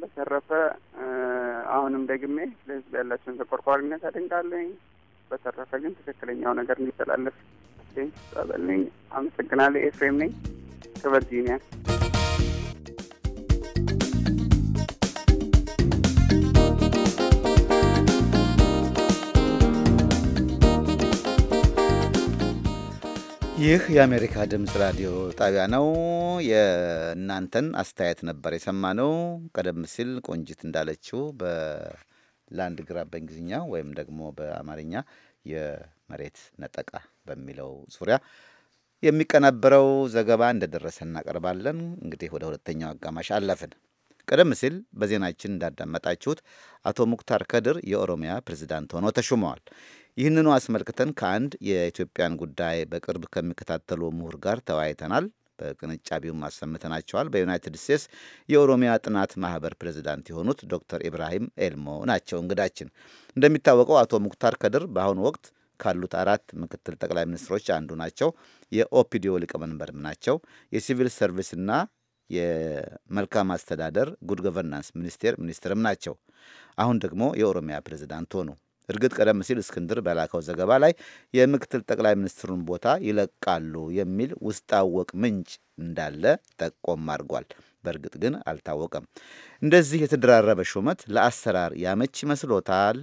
በተረፈ አሁንም ደግሜ ለህዝብ ያላቸውን ተቆርቋሪነት አደንቃለኝ። በተረፈ ግን ትክክለኛው ነገር እንዲተላለፍ ጊዜ አመሰግናለሁ። ኤፍሬም ነኝ ከቨርጂኒያ። ይህ የአሜሪካ ድምፅ ራዲዮ ጣቢያ ነው። የእናንተን አስተያየት ነበር ነው። ቀደም ሲል ቆንጂት እንዳለችው በላንድ ግራ በእንግሊዝኛ ወይም ደግሞ በአማርኛ የመሬት ነጠቃ በሚለው ዙሪያ የሚቀነበረው ዘገባ እንደደረሰ እናቀርባለን። እንግዲህ ወደ ሁለተኛው አጋማሽ አለፍን። ቀደም ሲል በዜናችን እንዳዳመጣችሁት አቶ ሙክታር ከድር የኦሮሚያ ፕሬዚዳንት ሆነው ተሹመዋል። ይህንኑ አስመልክተን ከአንድ የኢትዮጵያን ጉዳይ በቅርብ ከሚከታተሉ ምሁር ጋር ተወያይተናል። በቅንጫቢውም አሰምተናቸዋል። በዩናይትድ ስቴትስ የኦሮሚያ ጥናት ማህበር ፕሬዚዳንት የሆኑት ዶክተር ኢብራሂም ኤልሞ ናቸው እንግዳችን። እንደሚታወቀው አቶ ሙክታር ከድር በአሁኑ ወቅት ካሉት አራት ምክትል ጠቅላይ ሚኒስትሮች አንዱ ናቸው። የኦፒዲዮ ሊቀመንበርም ናቸው። የሲቪል ሰርቪስና የመልካም አስተዳደር ጉድ ገቨርናንስ ሚኒስቴር ሚኒስትርም ናቸው። አሁን ደግሞ የኦሮሚያ ፕሬዚዳንት ሆኑ። እርግጥ ቀደም ሲል እስክንድር በላከው ዘገባ ላይ የምክትል ጠቅላይ ሚኒስትሩን ቦታ ይለቃሉ የሚል ውስጣወቅ ምንጭ እንዳለ ጠቆም አድርጓል። በእርግጥ ግን አልታወቀም። እንደዚህ የተደራረበ ሹመት ለአሰራር ያመች ይመስሎታል?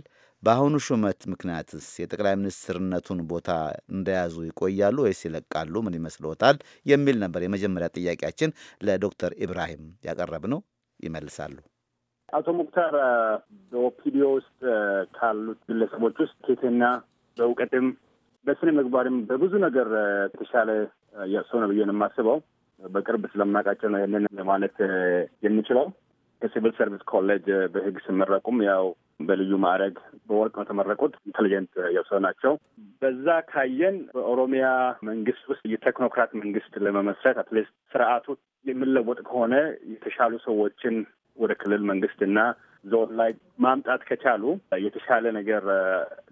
በአሁኑ ሹመት ምክንያትስ የጠቅላይ ሚኒስትርነቱን ቦታ እንደያዙ ይቆያሉ ወይስ ይለቃሉ? ምን ይመስልዎታል? የሚል ነበር የመጀመሪያ ጥያቄያችን ለዶክተር ኢብራሂም ያቀረብነው። ይመልሳሉ። አቶ ሙክታር በኦፒዲዮ ውስጥ ካሉት ግለሰቦች ውስጥ ኬቴና በእውቀትም በስነ ምግባርም በብዙ ነገር የተሻለ ሰው ነው ብዬ ነው የማስበው። በቅርብ ስለምናውቃቸው ነው ይህንን ለማለት የምችለው። ከሲቪል ሰርቪስ ኮሌጅ በህግ ስመረቁም ያው በልዩ ማዕረግ በወርቅ ነው የተመረቁት። ኢንቴሊጀንት የሰው ናቸው። በዛ ካየን በኦሮሚያ መንግስት ውስጥ የቴክኖክራት መንግስት ለመመስረት አትሊስት ስርዓቱ የሚለወጥ ከሆነ የተሻሉ ሰዎችን ወደ ክልል መንግስትና ዞን ላይ ማምጣት ከቻሉ የተሻለ ነገር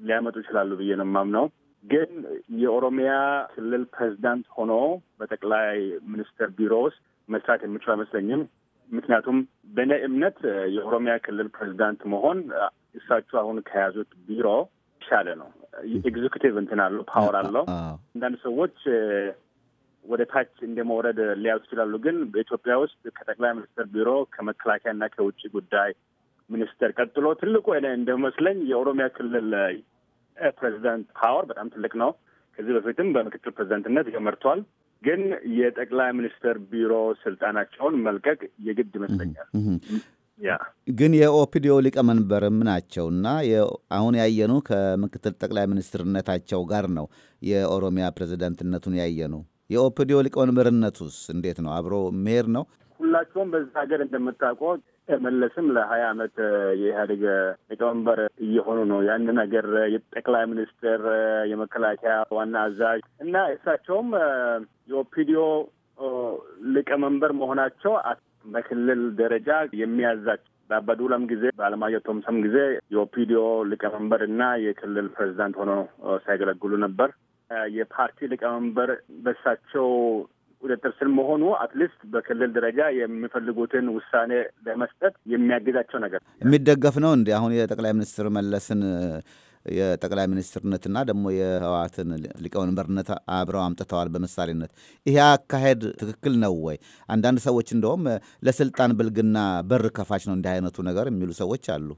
ሊያመጡ ይችላሉ ብዬ ነው የማምነው። ግን የኦሮሚያ ክልል ፕሬዚዳንት ሆኖ በጠቅላይ ሚኒስትር ቢሮ ውስጥ መስራት የሚችሉ አይመስለኝም። ምክንያቱም በእኔ እምነት የኦሮሚያ ክልል ፕሬዚዳንት መሆን እሳቸው አሁን ከያዙት ቢሮ ይሻለ ነው። ኤግዚኪቲቭ እንትን አለው፣ ፓወር አለው። አንዳንድ ሰዎች ወደ ታች እንደ መውረድ ሊያዙ ይችላሉ። ግን በኢትዮጵያ ውስጥ ከጠቅላይ ሚኒስትር ቢሮ ከመከላከያና ከውጭ ጉዳይ ሚኒስቴር ቀጥሎ ትልቁ እንደመስለኝ የኦሮሚያ ክልል ፕሬዚዳንት ፓወር በጣም ትልቅ ነው። ከዚህ በፊትም በምክትል ፕሬዚዳንትነት ተመርቷል። ግን የጠቅላይ ሚኒስትር ቢሮ ስልጣናቸውን መልቀቅ የግድ ይመስለኛል። ግን የኦፒዲዮ ሊቀመንበርም ናቸውና አሁን ያየኑ ከምክትል ጠቅላይ ሚኒስትርነታቸው ጋር ነው የኦሮሚያ ፕሬዝደንትነቱን ያየኑ። የኦፒዲዮ ሊቀመንበርነቱስ እንዴት ነው? አብሮ መሄድ ነው። ሁላቸውም በዛ ሀገር እንደምታውቀው መለስም ለሀያ አመት የኢህአዴግ ሊቀመንበር እየሆኑ ነው። ያን ነገር የጠቅላይ ሚኒስትር፣ የመከላከያ ዋና አዛዥ እና እሳቸውም የኦፒዲዮ ሊቀመንበር መሆናቸው በክልል ደረጃ የሚያዛቸው በአባዱላም ጊዜ በአለማየሁ ቶምሰም ጊዜ የኦፒዲዮ ሊቀመንበር እና የክልል ፕሬዚዳንት ሆኖ ሲያገለግሉ ነበር። የፓርቲ ሊቀመንበር በሳቸው ቁጥጥር ስር መሆኑ አትሊስት በክልል ደረጃ የሚፈልጉትን ውሳኔ ለመስጠት የሚያግዛቸው ነገር የሚደገፍ ነው። እንዲ አሁን የጠቅላይ ሚኒስትር መለስን የጠቅላይ ሚኒስትርነትና ደግሞ የህወሓትን ሊቀመንበርነት አብረው አምጥተዋል በምሳሌነት። ይሄ አካሄድ ትክክል ነው ወይ? አንዳንድ ሰዎች እንደውም ለስልጣን ብልግና በር ከፋች ነው እንዲህ አይነቱ ነገር የሚሉ ሰዎች አሉ።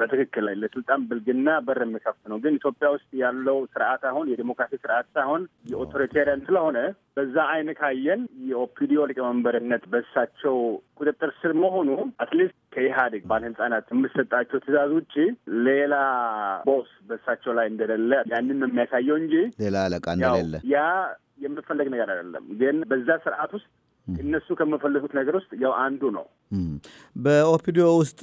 በትክክል ለስልጣን ብልግና በር የሚከፍት ነው። ግን ኢትዮጵያ ውስጥ ያለው ስርዓት አሁን የዲሞክራሲ ስርዓት ሳይሆን የኦቶሪቴሪያን ስለሆነ በዛ አይን ካየን የኦፒዲዮ ሊቀመንበርነት በሳቸው ቁጥጥር ስር መሆኑ አትሊስት ከኢህአዴግ ባለህንጻናት የምሰጣቸው ትእዛዝ ውጭ ሌላ ቦስ በሳቸው ላይ እንደሌለ ያንን ነው የሚያሳየው እንጂ ሌላ አለቃ እንደሌለ ያ የምፈለግ ነገር አይደለም። ግን በዛ ስርዓት ውስጥ እነሱ ከመፈለጉት ነገር ውስጥ ያው አንዱ ነው። በኦፒዲዮ ውስጥ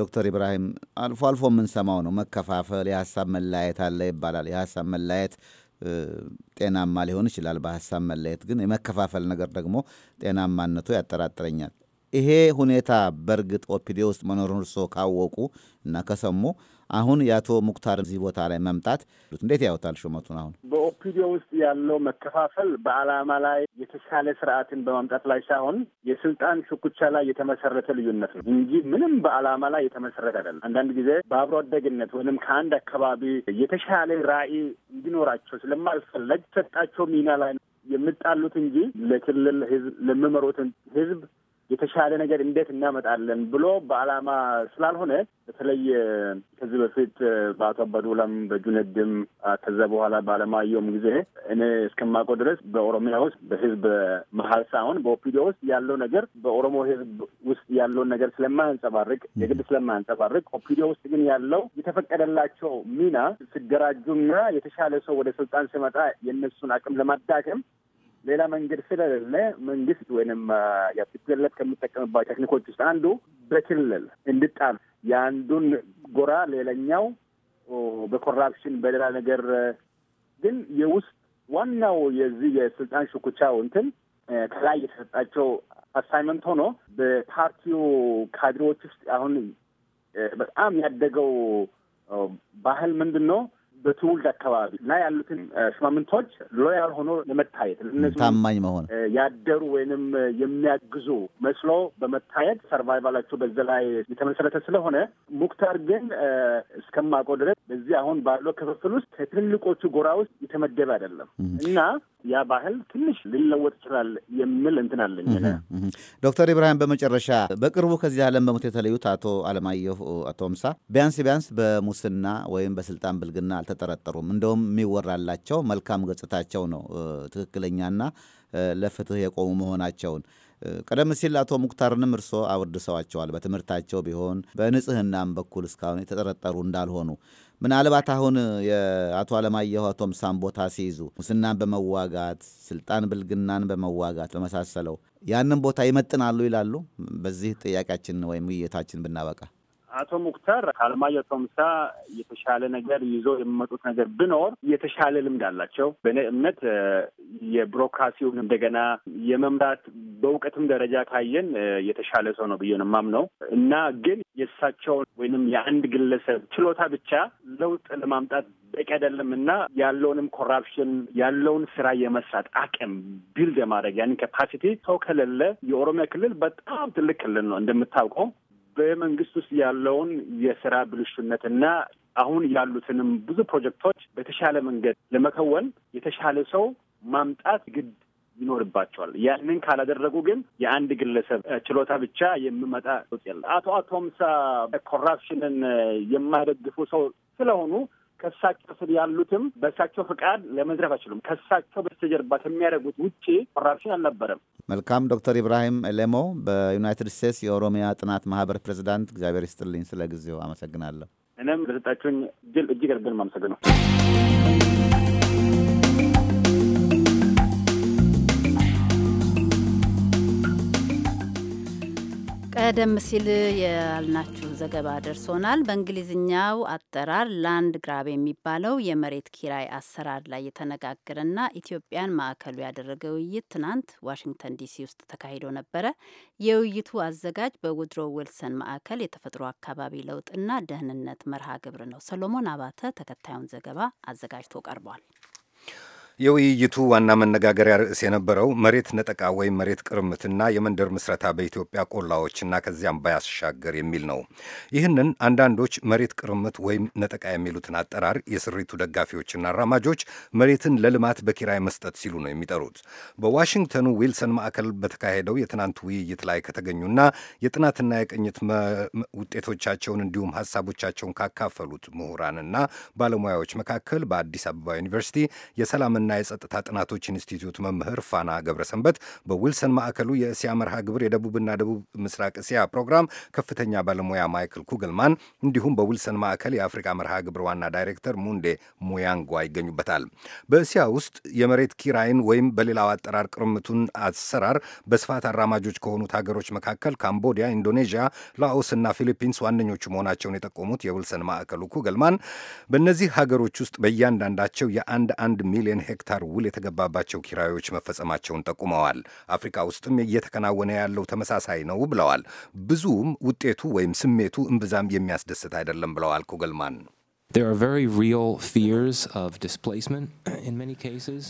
ዶክተር ኢብራሂም አልፎ አልፎ የምንሰማው ነው መከፋፈል፣ የሀሳብ መለያየት አለ ይባላል። የሀሳብ መለያየት ጤናማ ሊሆን ይችላል። በሀሳብ መለየት ግን የመከፋፈል ነገር ደግሞ ጤናማነቱ ያጠራጥረኛል። ይሄ ሁኔታ በእርግጥ ኦፒዲዮ ውስጥ መኖሩን እርስዎ ካወቁ እና ከሰሙ አሁን የአቶ ሙክታር እዚህ ቦታ ላይ መምጣት እንዴት ያወታል ሹመቱን? አሁን በኦፒዲዮ ውስጥ ያለው መከፋፈል በዓላማ ላይ የተሻለ ስርዓትን በማምጣት ላይ ሳይሆን የስልጣን ሽኩቻ ላይ የተመሰረተ ልዩነት ነው እንጂ ምንም በዓላማ ላይ የተመሰረተ አይደለም። አንዳንድ ጊዜ በአብሮ አደግነት ወይም ከአንድ አካባቢ የተሻለ ራዕይ እንዲኖራቸው ስለማልፈለግ ሰጣቸው ሚና ላይ የምጣሉት እንጂ ለክልል ህዝብ ለሚመሩትን ህዝብ የተሻለ ነገር እንዴት እናመጣለን ብሎ በዓላማ ስላልሆነ በተለይ ከዚህ በፊት በአቶ አባዱላም በጁነድም ከዛ በኋላ ባለማየውም ጊዜ እኔ እስከማውቀው ድረስ በኦሮሚያ ውስጥ በህዝብ መሀል ሳይሆን በኦፒዲ ውስጥ ያለው ነገር በኦሮሞ ህዝብ ውስጥ ያለውን ነገር ስለማያንጸባርቅ የግድ ስለማያንጸባርቅ ኦፒዲ ውስጥ ግን ያለው የተፈቀደላቸው ሚና ሲደራጁና የተሻለ ሰው ወደ ስልጣን ሲመጣ የእነሱን አቅም ለማዳከም ሌላ መንገድ ስለሌለ መንግስት ወይም ያትገለጥ ከምጠቀምባቸው ቴክኒኮች ውስጥ አንዱ በክልል እንድጣል የአንዱን ጎራ ሌላኛው በኮራፕሽን በሌላ ነገር ግን የውስጥ ዋናው የዚህ የስልጣን ሽኩቻው እንትን ከላይ የተሰጣቸው አሳይመንት ሆኖ በፓርቲው ካድሬዎች ውስጥ አሁን በጣም ያደገው ባህል ምንድን ነው? በትውልድ አካባቢ እና ያሉትን ሽማምንቶች ሎያል ሆኖ ለመታየት ታማኝ መሆን ያደሩ ወይንም የሚያግዙ መስሎ በመታየት ሰርቫይቫላቸው በዛ ላይ የተመሰረተ ስለሆነ ሙክታር ግን እስከማውቀው ድረስ በዚህ አሁን ባለው ክፍፍል ውስጥ ከትልልቆቹ ጎራ ውስጥ የተመደበ አይደለም እና ያ ባህል ትንሽ ሊለወጥ ይችላል የሚል እንትን አለኝ። ዶክተር ኢብራሂም በመጨረሻ በቅርቡ ከዚህ ዓለም በሞት የተለዩት አቶ አለማየሁ አቶ ቢያንስ ቢያንስ በሙስና ወይም በስልጣን ብልግና አልተ አልተጠረጠሩም። እንደውም የሚወራላቸው መልካም ገጽታቸው ነው ትክክለኛና ለፍትህ የቆሙ መሆናቸውን ቀደም ሲል አቶ ሙክታርንም እርስዎ አውርድሰዋቸዋል። በትምህርታቸው ቢሆን በንጽህናም በኩል እስካሁን የተጠረጠሩ እንዳልሆኑ ምናልባት አሁን የአቶ አለማየሁ አቶ ምሳን ቦታ ሲይዙ ሙስናን በመዋጋት ስልጣን ብልግናን በመዋጋት በመሳሰለው ያንን ቦታ ይመጥናሉ ይላሉ። በዚህ ጥያቄያችን ወይም ውይይታችን ብናበቃ አቶ ሙክተር ከአለማየሁ ቶምሳ የተሻለ ነገር ይዞ የሚመጡት ነገር ቢኖር የተሻለ ልምድ አላቸው። በእኔ እምነት የቢሮክራሲውን እንደገና የመምራት በእውቀትም ደረጃ ካየን የተሻለ ሰው ነው ብዬ ነው የማምነው እና ግን የእሳቸውን ወይንም የአንድ ግለሰብ ችሎታ ብቻ ለውጥ ለማምጣት በቂ አይደለም እና ያለውንም ኮራፕሽን ያለውን ስራ የመስራት አቅም ቢልድ የማድረግ ያንን ካፓሲቲ ሰው ከሌለ የኦሮሚያ ክልል በጣም ትልቅ ክልል ነው እንደምታውቀው በመንግስት ውስጥ ያለውን የስራ ብልሹነትና አሁን ያሉትንም ብዙ ፕሮጀክቶች በተሻለ መንገድ ለመከወን የተሻለ ሰው ማምጣት ግድ ይኖርባቸዋል። ያንን ካላደረጉ ግን የአንድ ግለሰብ ችሎታ ብቻ የሚመጣ ለውጥ የለም። አቶ አቶ ኮራፕሽንን የማይደግፉ ሰው ስለሆኑ ከሳቸው ስር ያሉትም በእሳቸው ፍቃድ ለመዝረፍ አይችሉም። ከሳቸው በስተጀርባ ከሚያደርጉት ውጭ ራሲ አልነበረም። መልካም ዶክተር ኢብራሂም ሌሞ በዩናይትድ ስቴትስ የኦሮሚያ ጥናት ማህበር ፕሬዚዳንት፣ እግዚአብሔር ይስጥልኝ። ስለ ጊዜው አመሰግናለሁ። እኔም ለሰጣችሁኝ እድል እጅግ አድርገን ቀደም ሲል ያልናችሁ ዘገባ ደርሶናል። በእንግሊዝኛው አጠራር ላንድ ግራብ የሚባለው የመሬት ኪራይ አሰራር ላይ የተነጋገረና ኢትዮጵያን ማዕከሉ ያደረገ ውይይት ትናንት ዋሽንግተን ዲሲ ውስጥ ተካሂዶ ነበረ። የውይይቱ አዘጋጅ በውድሮ ዊልሰን ማዕከል የተፈጥሮ አካባቢ ለውጥና ደህንነት መርሃ ግብር ነው። ሰሎሞን አባተ ተከታዩን ዘገባ አዘጋጅቶ ቀርቧል። የውይይቱ ዋና መነጋገሪያ ርዕስ የነበረው መሬት ነጠቃ ወይም መሬት ቅርምትና የመንደር ምስረታ በኢትዮጵያ ቆላዎችና ከዚያም ባያሻገር የሚል ነው። ይህንን አንዳንዶች መሬት ቅርምት ወይም ነጠቃ የሚሉትን አጠራር የስሪቱ ደጋፊዎችና አራማጆች መሬትን ለልማት በኪራይ መስጠት ሲሉ ነው የሚጠሩት። በዋሽንግተኑ ዊልሰን ማዕከል በተካሄደው የትናንት ውይይት ላይ ከተገኙና የጥናትና የቅኝት ውጤቶቻቸውን እንዲሁም ሀሳቦቻቸውን ካካፈሉት ምሁራንና ባለሙያዎች መካከል በአዲስ አበባ ዩኒቨርሲቲ የሰላም የሰላምና የጸጥታ ጥናቶች ኢንስቲትዩት መምህር ፋና ገብረሰንበት በዊልሰን ማዕከሉ የእስያ መርሃ ግብር የደቡብና ደቡብ ምስራቅ እስያ ፕሮግራም ከፍተኛ ባለሙያ ማይክል ኩግልማን እንዲሁም በዊልሰን ማዕከል የአፍሪካ መርሃ ግብር ዋና ዳይሬክተር ሙንዴ ሙያንጓ ይገኙበታል። በእስያ ውስጥ የመሬት ኪራይን ወይም በሌላው አጠራር ቅርምቱን አሰራር በስፋት አራማጆች ከሆኑት ሀገሮች መካከል ካምቦዲያ፣ ኢንዶኔዥያ፣ እና ፊሊፒንስ ዋነኞቹ መሆናቸውን የጠቆሙት የውልሰን ማዕከሉ ኩገልማን በእነዚህ ሀገሮች ውስጥ በእያንዳንዳቸው የአንድ አንድ ሚሊዮን ሄክታር ውል የተገባባቸው ኪራዮች መፈጸማቸውን ጠቁመዋል። አፍሪካ ውስጥም እየተከናወነ ያለው ተመሳሳይ ነው ብለዋል። ብዙም ውጤቱ ወይም ስሜቱ እምብዛም የሚያስደስት አይደለም ብለዋል ኮገልማን።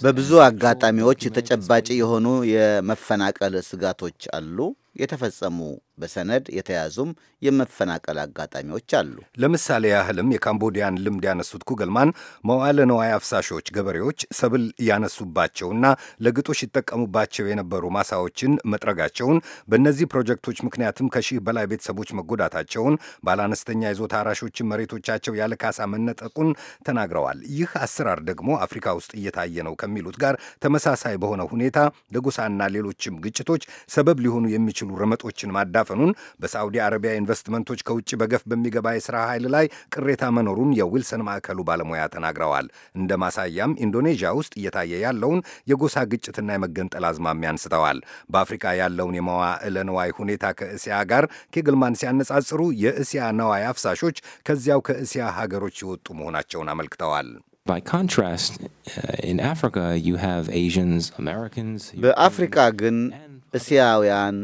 በብዙ አጋጣሚዎች ተጨባጭ የሆኑ የመፈናቀል ስጋቶች አሉ። የተፈጸሙ በሰነድ የተያዙም የመፈናቀል አጋጣሚዎች አሉ። ለምሳሌ ያህልም የካምቦዲያን ልምድ ያነሱት ኩገልማን መዋለ ነዋይ አፍሳሾች ገበሬዎች ሰብል ያነሱባቸውና ለግጦሽ ይጠቀሙባቸው የነበሩ ማሳዎችን መጥረጋቸውን፣ በእነዚህ ፕሮጀክቶች ምክንያትም ከሺህ በላይ ቤተሰቦች መጎዳታቸውን፣ ባለአነስተኛ ይዞታ አራሾችን መሬቶቻቸው ያለ ካሳ መነጠቁን ተናግረዋል። ይህ አሰራር ደግሞ አፍሪካ ውስጥ እየታየ ነው ከሚሉት ጋር ተመሳሳይ በሆነ ሁኔታ ለጎሳና ሌሎችም ግጭቶች ሰበብ ሊሆኑ የሚችሉ የሚችሉ ረመጦችን ማዳፈኑን፣ በሳዑዲ አረቢያ ኢንቨስትመንቶች ከውጭ በገፍ በሚገባ የሥራ ኃይል ላይ ቅሬታ መኖሩን የዊልሰን ማዕከሉ ባለሙያ ተናግረዋል። እንደ ማሳያም ኢንዶኔዥያ ውስጥ እየታየ ያለውን የጎሳ ግጭትና የመገንጠል አዝማሚያ አንስተዋል። በአፍሪካ ያለውን የመዋዕለ ነዋይ ሁኔታ ከእስያ ጋር ኬግልማን ሲያነጻጽሩ የእስያ ነዋይ አፍሳሾች ከዚያው ከእስያ ሀገሮች የወጡ መሆናቸውን አመልክተዋል። uh, በአፍሪካ ግን እስያውያን፣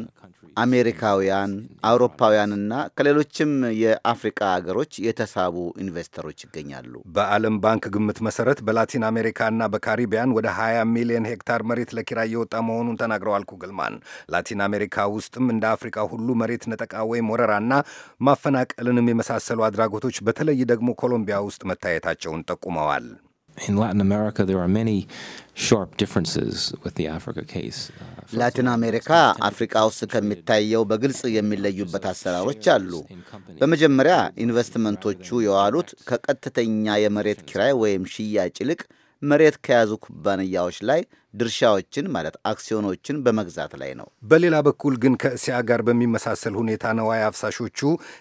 አሜሪካውያን፣ አውሮፓውያንና ከሌሎችም የአፍሪካ አገሮች የተሳቡ ኢንቨስተሮች ይገኛሉ። በዓለም ባንክ ግምት መሰረት በላቲን አሜሪካና በካሪቢያን ወደ 20 ሚሊዮን ሄክታር መሬት ለኪራይ የወጣ መሆኑን ተናግረዋል ኩግልማን። ላቲን አሜሪካ ውስጥም እንደ አፍሪካ ሁሉ መሬት ነጠቃ ወይም ወረራና ማፈናቀልንም የመሳሰሉ አድራጎቶች በተለይ ደግሞ ኮሎምቢያ ውስጥ መታየታቸውን ጠቁመዋል። in Latin America, there are many sharp differences with the Africa case. ላቲን አሜሪካ አፍሪካ ውስጥ ከሚታየው በግልጽ የሚለዩበት አሰራሮች አሉ። በመጀመሪያ ኢንቨስትመንቶቹ የዋሉት ከቀጥተኛ የመሬት ኪራይ ወይም ሽያጭ ይልቅ መሬት ከያዙ ኩባንያዎች ላይ ድርሻዎችን ማለት አክሲዮኖችን በመግዛት ላይ ነው። በሌላ በኩል ግን ከእስያ ጋር በሚመሳሰል ሁኔታ ነዋይ አፍሳሾቹ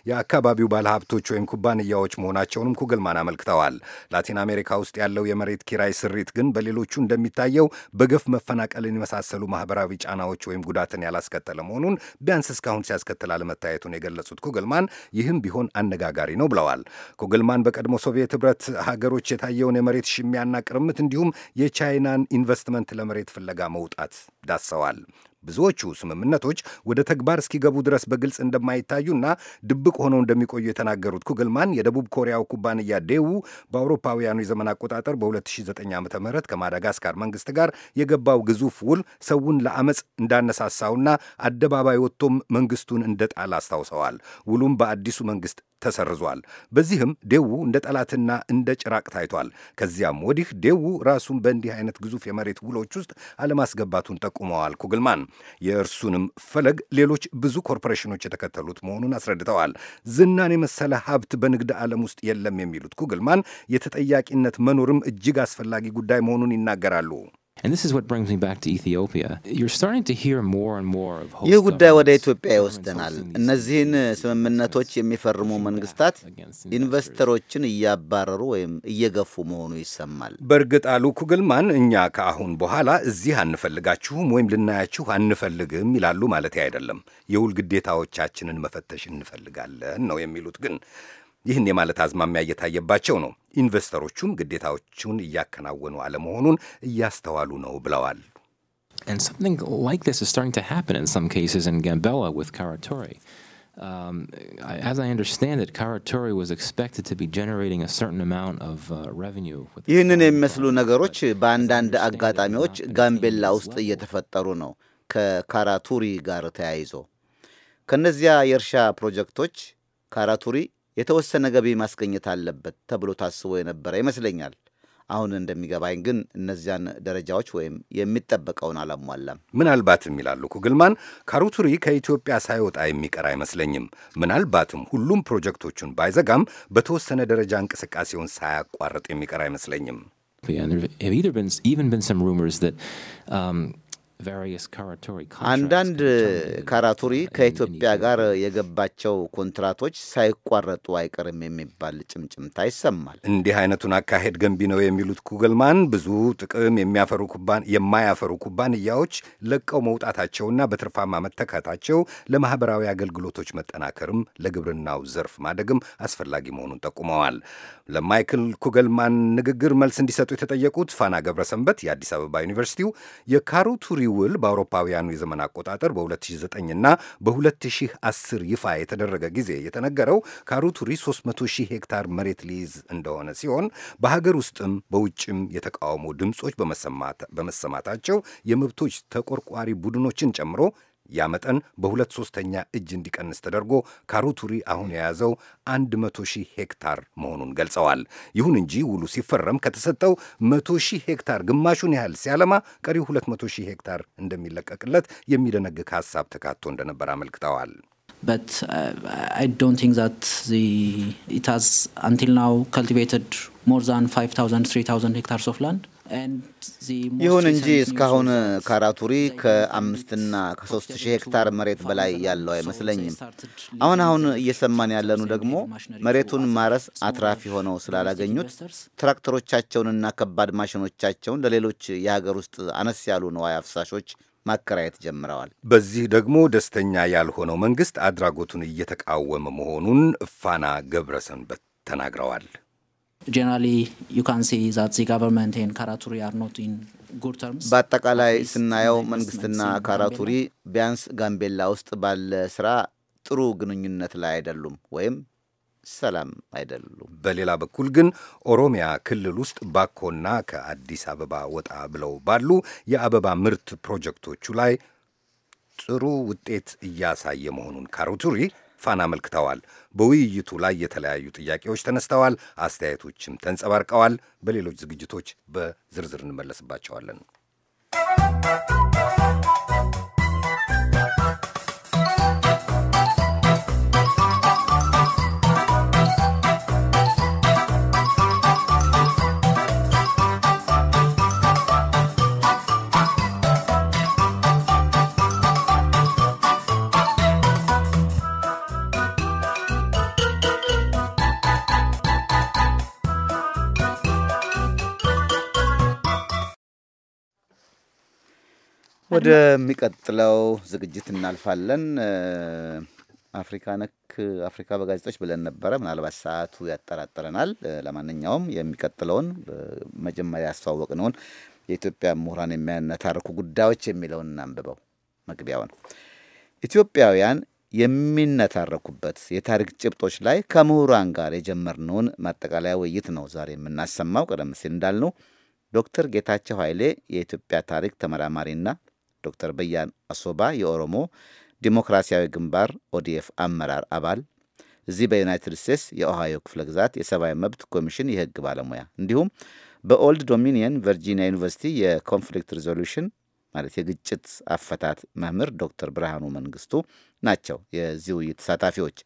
የአካባቢው ባለሀብቶች ወይም ኩባንያዎች መሆናቸውንም ኩግልማን አመልክተዋል። ላቲን አሜሪካ ውስጥ ያለው የመሬት ኪራይ ስሪት ግን በሌሎቹ እንደሚታየው በገፍ መፈናቀልን የመሳሰሉ ማህበራዊ ጫናዎች ወይም ጉዳትን ያላስከተለ መሆኑን ቢያንስ እስካሁን ሲያስከትል አለመታየቱን የገለጹት ኩግልማን ይህም ቢሆን አነጋጋሪ ነው ብለዋል። ኩግልማን በቀድሞ ሶቪየት ህብረት ሀገሮች የታየውን የመሬት ሽሚያና ቅርምት እንዲሁም የቻይናን ኢንቨስትመንት ለመሬት ፍለጋ መውጣት ዳሰዋል። ብዙዎቹ ስምምነቶች ወደ ተግባር እስኪገቡ ድረስ በግልጽ እንደማይታዩና ድብቅ ሆነው እንደሚቆዩ የተናገሩት ኩግልማን የደቡብ ኮሪያው ኩባንያ ዴው በአውሮፓውያኑ የዘመን አቆጣጠር በ2009 ዓ ም ከማዳጋስካር መንግስት ጋር የገባው ግዙፍ ውል ሰውን ለአመፅ እንዳነሳሳውና አደባባይ ወጥቶም መንግስቱን እንደጣል አስታውሰዋል። ውሉም በአዲሱ መንግስት ተሰርዟል። በዚህም ዴው እንደ ጠላትና እንደ ጭራቅ ታይቷል። ከዚያም ወዲህ ደዉ ራሱን በእንዲህ አይነት ግዙፍ የመሬት ውሎች ውስጥ አለማስገባቱን ጠቁመዋል። ኩግልማን የእርሱንም ፈለግ ሌሎች ብዙ ኮርፖሬሽኖች የተከተሉት መሆኑን አስረድተዋል። ዝናን የመሰለ ሀብት በንግድ ዓለም ውስጥ የለም የሚሉት ኩግልማን የተጠያቂነት መኖርም እጅግ አስፈላጊ ጉዳይ መሆኑን ይናገራሉ። And this is what brings me back to Ethiopia. You're starting to hear more and more of ይህ ጉዳይ ወደ ኢትዮጵያ ይወስደናል። እነዚህን ስምምነቶች የሚፈርሙ መንግስታት ኢንቨስተሮችን እያባረሩ ወይም እየገፉ መሆኑ ይሰማል። በእርግጥ አሉኩ ግልማን እኛ ከአሁን በኋላ እዚህ አንፈልጋችሁም ወይም ልናያችሁ አንፈልግም ይላሉ ማለት አይደለም። የውል ግዴታዎቻችንን መፈተሽ እንፈልጋለን ነው የሚሉት ግን ይህን የማለት አዝማሚያ እየታየባቸው ነው። ኢንቨስተሮቹም ግዴታዎቹን እያከናወኑ አለመሆኑን እያስተዋሉ ነው ብለዋል። uh, ይህንን የሚመስሉ ነገሮች በአንዳንድ አጋጣሚዎች ጋምቤላ ውስጥ እየተፈጠሩ ነው። ከካራቱሪ ጋር ተያይዞ ከእነዚያ የእርሻ ፕሮጀክቶች ካራቱሪ የተወሰነ ገቢ ማስገኘት አለበት ተብሎ ታስቦ የነበረ ይመስለኛል። አሁን እንደሚገባኝ ግን እነዚያን ደረጃዎች ወይም የሚጠበቀውን አላሟላም። ምናልባትም ይላሉ ኩግልማን፣ ካሩቱሪ ከኢትዮጵያ ሳይወጣ የሚቀር አይመስለኝም። ምናልባትም ሁሉም ፕሮጀክቶቹን ባይዘጋም በተወሰነ ደረጃ እንቅስቃሴውን ሳያቋርጥ የሚቀር አይመስለኝም። አንዳንድ ካራቱሪ ከኢትዮጵያ ጋር የገባቸው ኮንትራቶች ሳይቋረጡ አይቀርም የሚባል ጭምጭምታ ይሰማል። እንዲህ አይነቱን አካሄድ ገንቢ ነው የሚሉት ኩግልማን ብዙ ጥቅም የማያፈሩ ኩባንያዎች ለቀው መውጣታቸውና በትርፋማ መተካታቸው ለማህበራዊ አገልግሎቶች መጠናከርም ለግብርናው ዘርፍ ማደግም አስፈላጊ መሆኑን ጠቁመዋል። ለማይክል ኩገልማን ንግግር መልስ እንዲሰጡ የተጠየቁት ፋና ገብረሰንበት የአዲስ አበባ ዩኒቨርሲቲው የካሩቱሪ ውል በአውሮፓውያኑ የዘመን አቆጣጠር በ2009 እና በ2010 ይፋ የተደረገ ጊዜ የተነገረው ካሩቱሪ 300 ሺህ ሄክታር መሬት ሊይዝ እንደሆነ ሲሆን በሀገር ውስጥም በውጭም የተቃውሞ ድምፆች በመሰማታቸው የመብቶች ተቆርቋሪ ቡድኖችን ጨምሮ ያ መጠን በሁለት ሶስተኛ እጅ እንዲቀንስ ተደርጎ ካሩቱሪ አሁን የያዘው አንድ መቶ ሺህ ሄክታር መሆኑን ገልጸዋል። ይሁን እንጂ ውሉ ሲፈረም ከተሰጠው መቶ ሺህ ሄክታር ግማሹን ያህል ሲያለማ ቀሪው ሁለት መቶ ሺህ ሄክታር እንደሚለቀቅለት የሚደነግግ ሀሳብ ተካቶ እንደነበር አመልክተዋል። but uh, I don't think that the it has until now cultivated more than 5,000, 3,000 hectares of land. ይሁን እንጂ እስካሁን ካራቱሪ ከአምስትና ከሶስት ሺህ ሄክታር መሬት በላይ ያለው አይመስለኝም። አሁን አሁን እየሰማን ያለኑ ደግሞ መሬቱን ማረስ አትራፊ ሆነው ስላላገኙት ትራክተሮቻቸውንና ከባድ ማሽኖቻቸውን ለሌሎች የሀገር ውስጥ አነስ ያሉ ነዋይ አፍሳሾች ማከራየት ጀምረዋል። በዚህ ደግሞ ደስተኛ ያልሆነው መንግሥት አድራጎቱን እየተቃወመ መሆኑን እፋና ገብረሰንበት ተናግረዋል። generally you can see that the government and Karaturi are not in በአጠቃላይ ስናየው መንግስትና ካራቱሪ ቢያንስ ጋምቤላ ውስጥ ባለ ስራ ጥሩ ግንኙነት ላይ አይደሉም ወይም ሰላም አይደሉም። በሌላ በኩል ግን ኦሮሚያ ክልል ውስጥ ባኮና ከአዲስ አበባ ወጣ ብለው ባሉ የአበባ ምርት ፕሮጀክቶቹ ላይ ጥሩ ውጤት እያሳየ መሆኑን ካራቱሪ ፋና አመልክተዋል። በውይይቱ ላይ የተለያዩ ጥያቄዎች ተነስተዋል፣ አስተያየቶችም ተንጸባርቀዋል። በሌሎች ዝግጅቶች በዝርዝር እንመለስባቸዋለን። ወደሚቀጥለው ዝግጅት እናልፋለን። አፍሪካ ነክ አፍሪካ በጋዜጦች ብለን ነበረ። ምናልባት ሰዓቱ ያጠራጥረናል። ለማንኛውም የሚቀጥለውን መጀመሪያ ያስተዋወቅነውን የኢትዮጵያ ምሁራን የሚያነታርኩ ጉዳዮች የሚለውን እናንብበው። መግቢያውን ኢትዮጵያውያን የሚነታረኩበት የታሪክ ጭብጦች ላይ ከምሁራን ጋር የጀመርነውን ማጠቃለያ ውይይት ነው ዛሬ የምናሰማው። ቀደም ሲል እንዳልነው ዶክተር ጌታቸው ኃይሌ የኢትዮጵያ ታሪክ ተመራማሪና ዶክተር በያን አሶባ የኦሮሞ ዲሞክራሲያዊ ግንባር ኦዲኤፍ አመራር አባል፣ እዚህ በዩናይትድ ስቴትስ የኦሃዮ ክፍለ ግዛት የሰብአዊ መብት ኮሚሽን የህግ ባለሙያ እንዲሁም በኦልድ ዶሚኒየን ቨርጂኒያ ዩኒቨርሲቲ የኮንፍሊክት ሪዞሉሽን ማለት የግጭት አፈታት መምህር ዶክተር ብርሃኑ መንግስቱ ናቸው የዚህ ውይይት ተሳታፊዎች።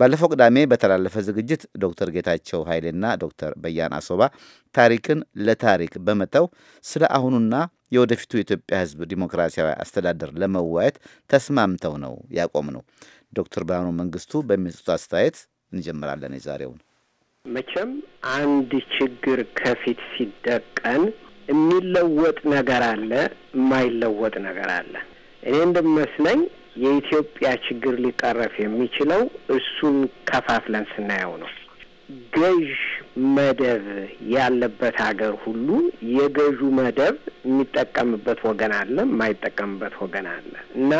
ባለፈው ቅዳሜ በተላለፈ ዝግጅት ዶክተር ጌታቸው ኃይሌና ዶክተር በያን አሶባ ታሪክን ለታሪክ በመተው ስለ አሁኑና የወደፊቱ የኢትዮጵያ ሕዝብ ዲሞክራሲያዊ አስተዳደር ለመወያየት ተስማምተው ነው ያቆም ነው። ዶክተር ብርሃኑ መንግስቱ በሚሰጡት አስተያየት እንጀምራለን። የዛሬውን መቼም አንድ ችግር ከፊት ሲደቀን የሚለወጥ ነገር አለ፣ የማይለወጥ ነገር አለ። እኔ እንደሚመስለኝ የኢትዮጵያ ችግር ሊቀረፍ የሚችለው እሱን ከፋፍለን ስናየው ነው። ገዥ መደብ ያለበት ሀገር ሁሉ የገዡ መደብ የሚጠቀምበት ወገን አለ፣ የማይጠቀምበት ወገን አለ እና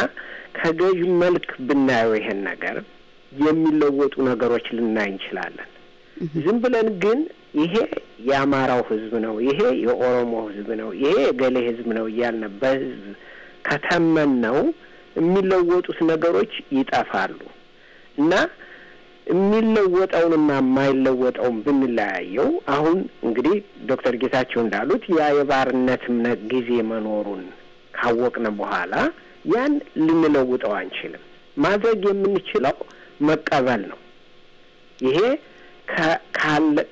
ከገዥ መልክ ብናየው ይሄን ነገር የሚለወጡ ነገሮች ልናይ እንችላለን። ዝም ብለን ግን ይሄ የአማራው ህዝብ ነው፣ ይሄ የኦሮሞ ህዝብ ነው፣ ይሄ የገሌ ህዝብ ነው እያልን ከተመን ነው የሚለወጡት ነገሮች ይጠፋሉ እና የሚለወጠውንና የማይለወጠውን ብንለያየው አሁን እንግዲህ ዶክተር ጌታቸው እንዳሉት ያ የባርነትም ጊዜ መኖሩን ካወቅን በኋላ ያን ልንለውጠው አንችልም። ማድረግ የምንችለው መቀበል ነው። ይሄ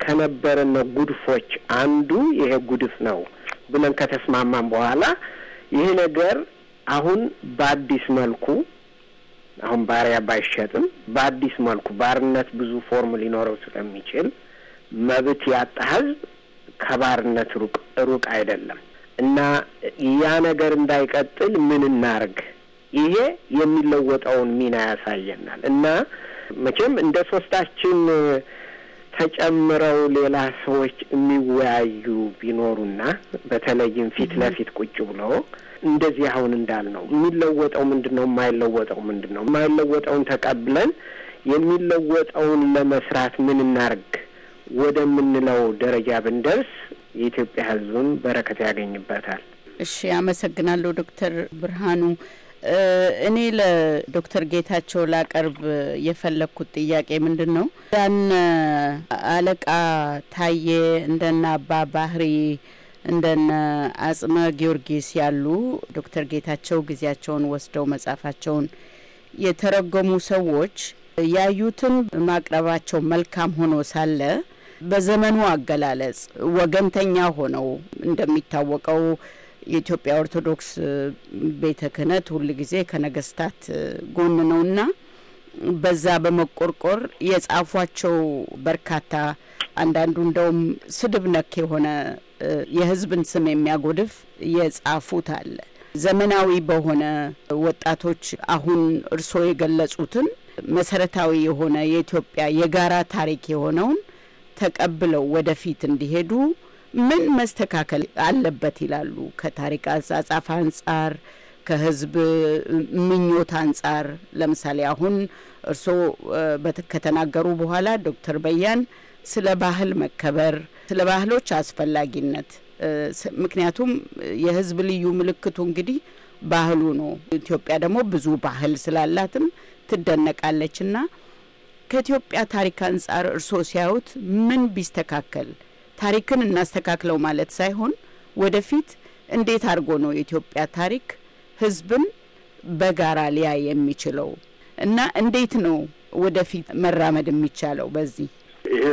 ከነበረን ጉድፎች አንዱ ይሄ ጉድፍ ነው ብለን ከተስማማን በኋላ ይሄ ነገር አሁን በአዲስ መልኩ አሁን ባሪያ ባይሸጥም በአዲስ መልኩ ባርነት ብዙ ፎርም ሊኖረው ስለሚችል መብት ያጣ ህዝብ ከባርነት ሩቅ ሩቅ አይደለም እና ያ ነገር እንዳይቀጥል ምን እናርግ? ይሄ የሚለወጠውን ሚና ያሳየናል እና መቼም እንደ ሶስታችን ተጨምረው ሌላ ሰዎች የሚወያዩ ቢኖሩና በተለይም ፊት ለፊት ቁጭ ብለው። እንደዚህ አሁን እንዳልነው የሚለወጠው ምንድን ነው? የማይለወጠው ምንድን ነው? የማይለወጠውን ተቀብለን የሚለወጠውን ለመስራት ምን እናርግ ወደምንለው ደረጃ ብንደርስ የኢትዮጵያ ሕዝብም በረከት ያገኝበታል። እሺ፣ አመሰግናለሁ ዶክተር ብርሃኑ። እኔ ለዶክተር ጌታቸው ላቀርብ የፈለግኩት ጥያቄ ምንድን ነው ዳን አለቃ ታዬ እንደና አባ ባህሪ እንደነ አጽመ ጊዮርጊስ ያሉ ዶክተር ጌታቸው ጊዜያቸውን ወስደው መጻፋቸውን የተረጎሙ ሰዎች ያዩትን ማቅረባቸው መልካም ሆኖ ሳለ በዘመኑ አገላለጽ ወገንተኛ ሆነው እንደሚታወቀው የኢትዮጵያ ኦርቶዶክስ ቤተ ክህነት ሁልጊዜ ከነገስታት ጎን ነውና በዛ በመቆርቆር የጻፏቸው በርካታ አንዳንዱ እንደውም ስድብ ነክ የሆነ የህዝብን ስም የሚያጎድፍ የጻፉት አለ። ዘመናዊ በሆነ ወጣቶች አሁን እርስዎ የገለጹትን መሰረታዊ የሆነ የኢትዮጵያ የጋራ ታሪክ የሆነውን ተቀብለው ወደፊት እንዲሄዱ ምን መስተካከል አለበት ይላሉ? ከታሪክ አጻጻፍ አንጻር፣ ከህዝብ ምኞት አንጻር። ለምሳሌ አሁን እርስዎ ከተናገሩ በኋላ ዶክተር በያን ስለ ባህል መከበር፣ ስለ ባህሎች አስፈላጊነት ምክንያቱም የህዝብ ልዩ ምልክቱ እንግዲህ ባህሉ ነው። ኢትዮጵያ ደግሞ ብዙ ባህል ስላላትም ትደነቃለች። እና ከኢትዮጵያ ታሪክ አንጻር እርስዎ ሲያዩት ምን ቢስተካከል፣ ታሪክን እናስተካክለው ማለት ሳይሆን ወደፊት እንዴት አድርጎ ነው የኢትዮጵያ ታሪክ ህዝብን በጋራ ሊያ የሚችለው እና እንዴት ነው ወደፊት መራመድ የሚቻለው በዚህ ይሄ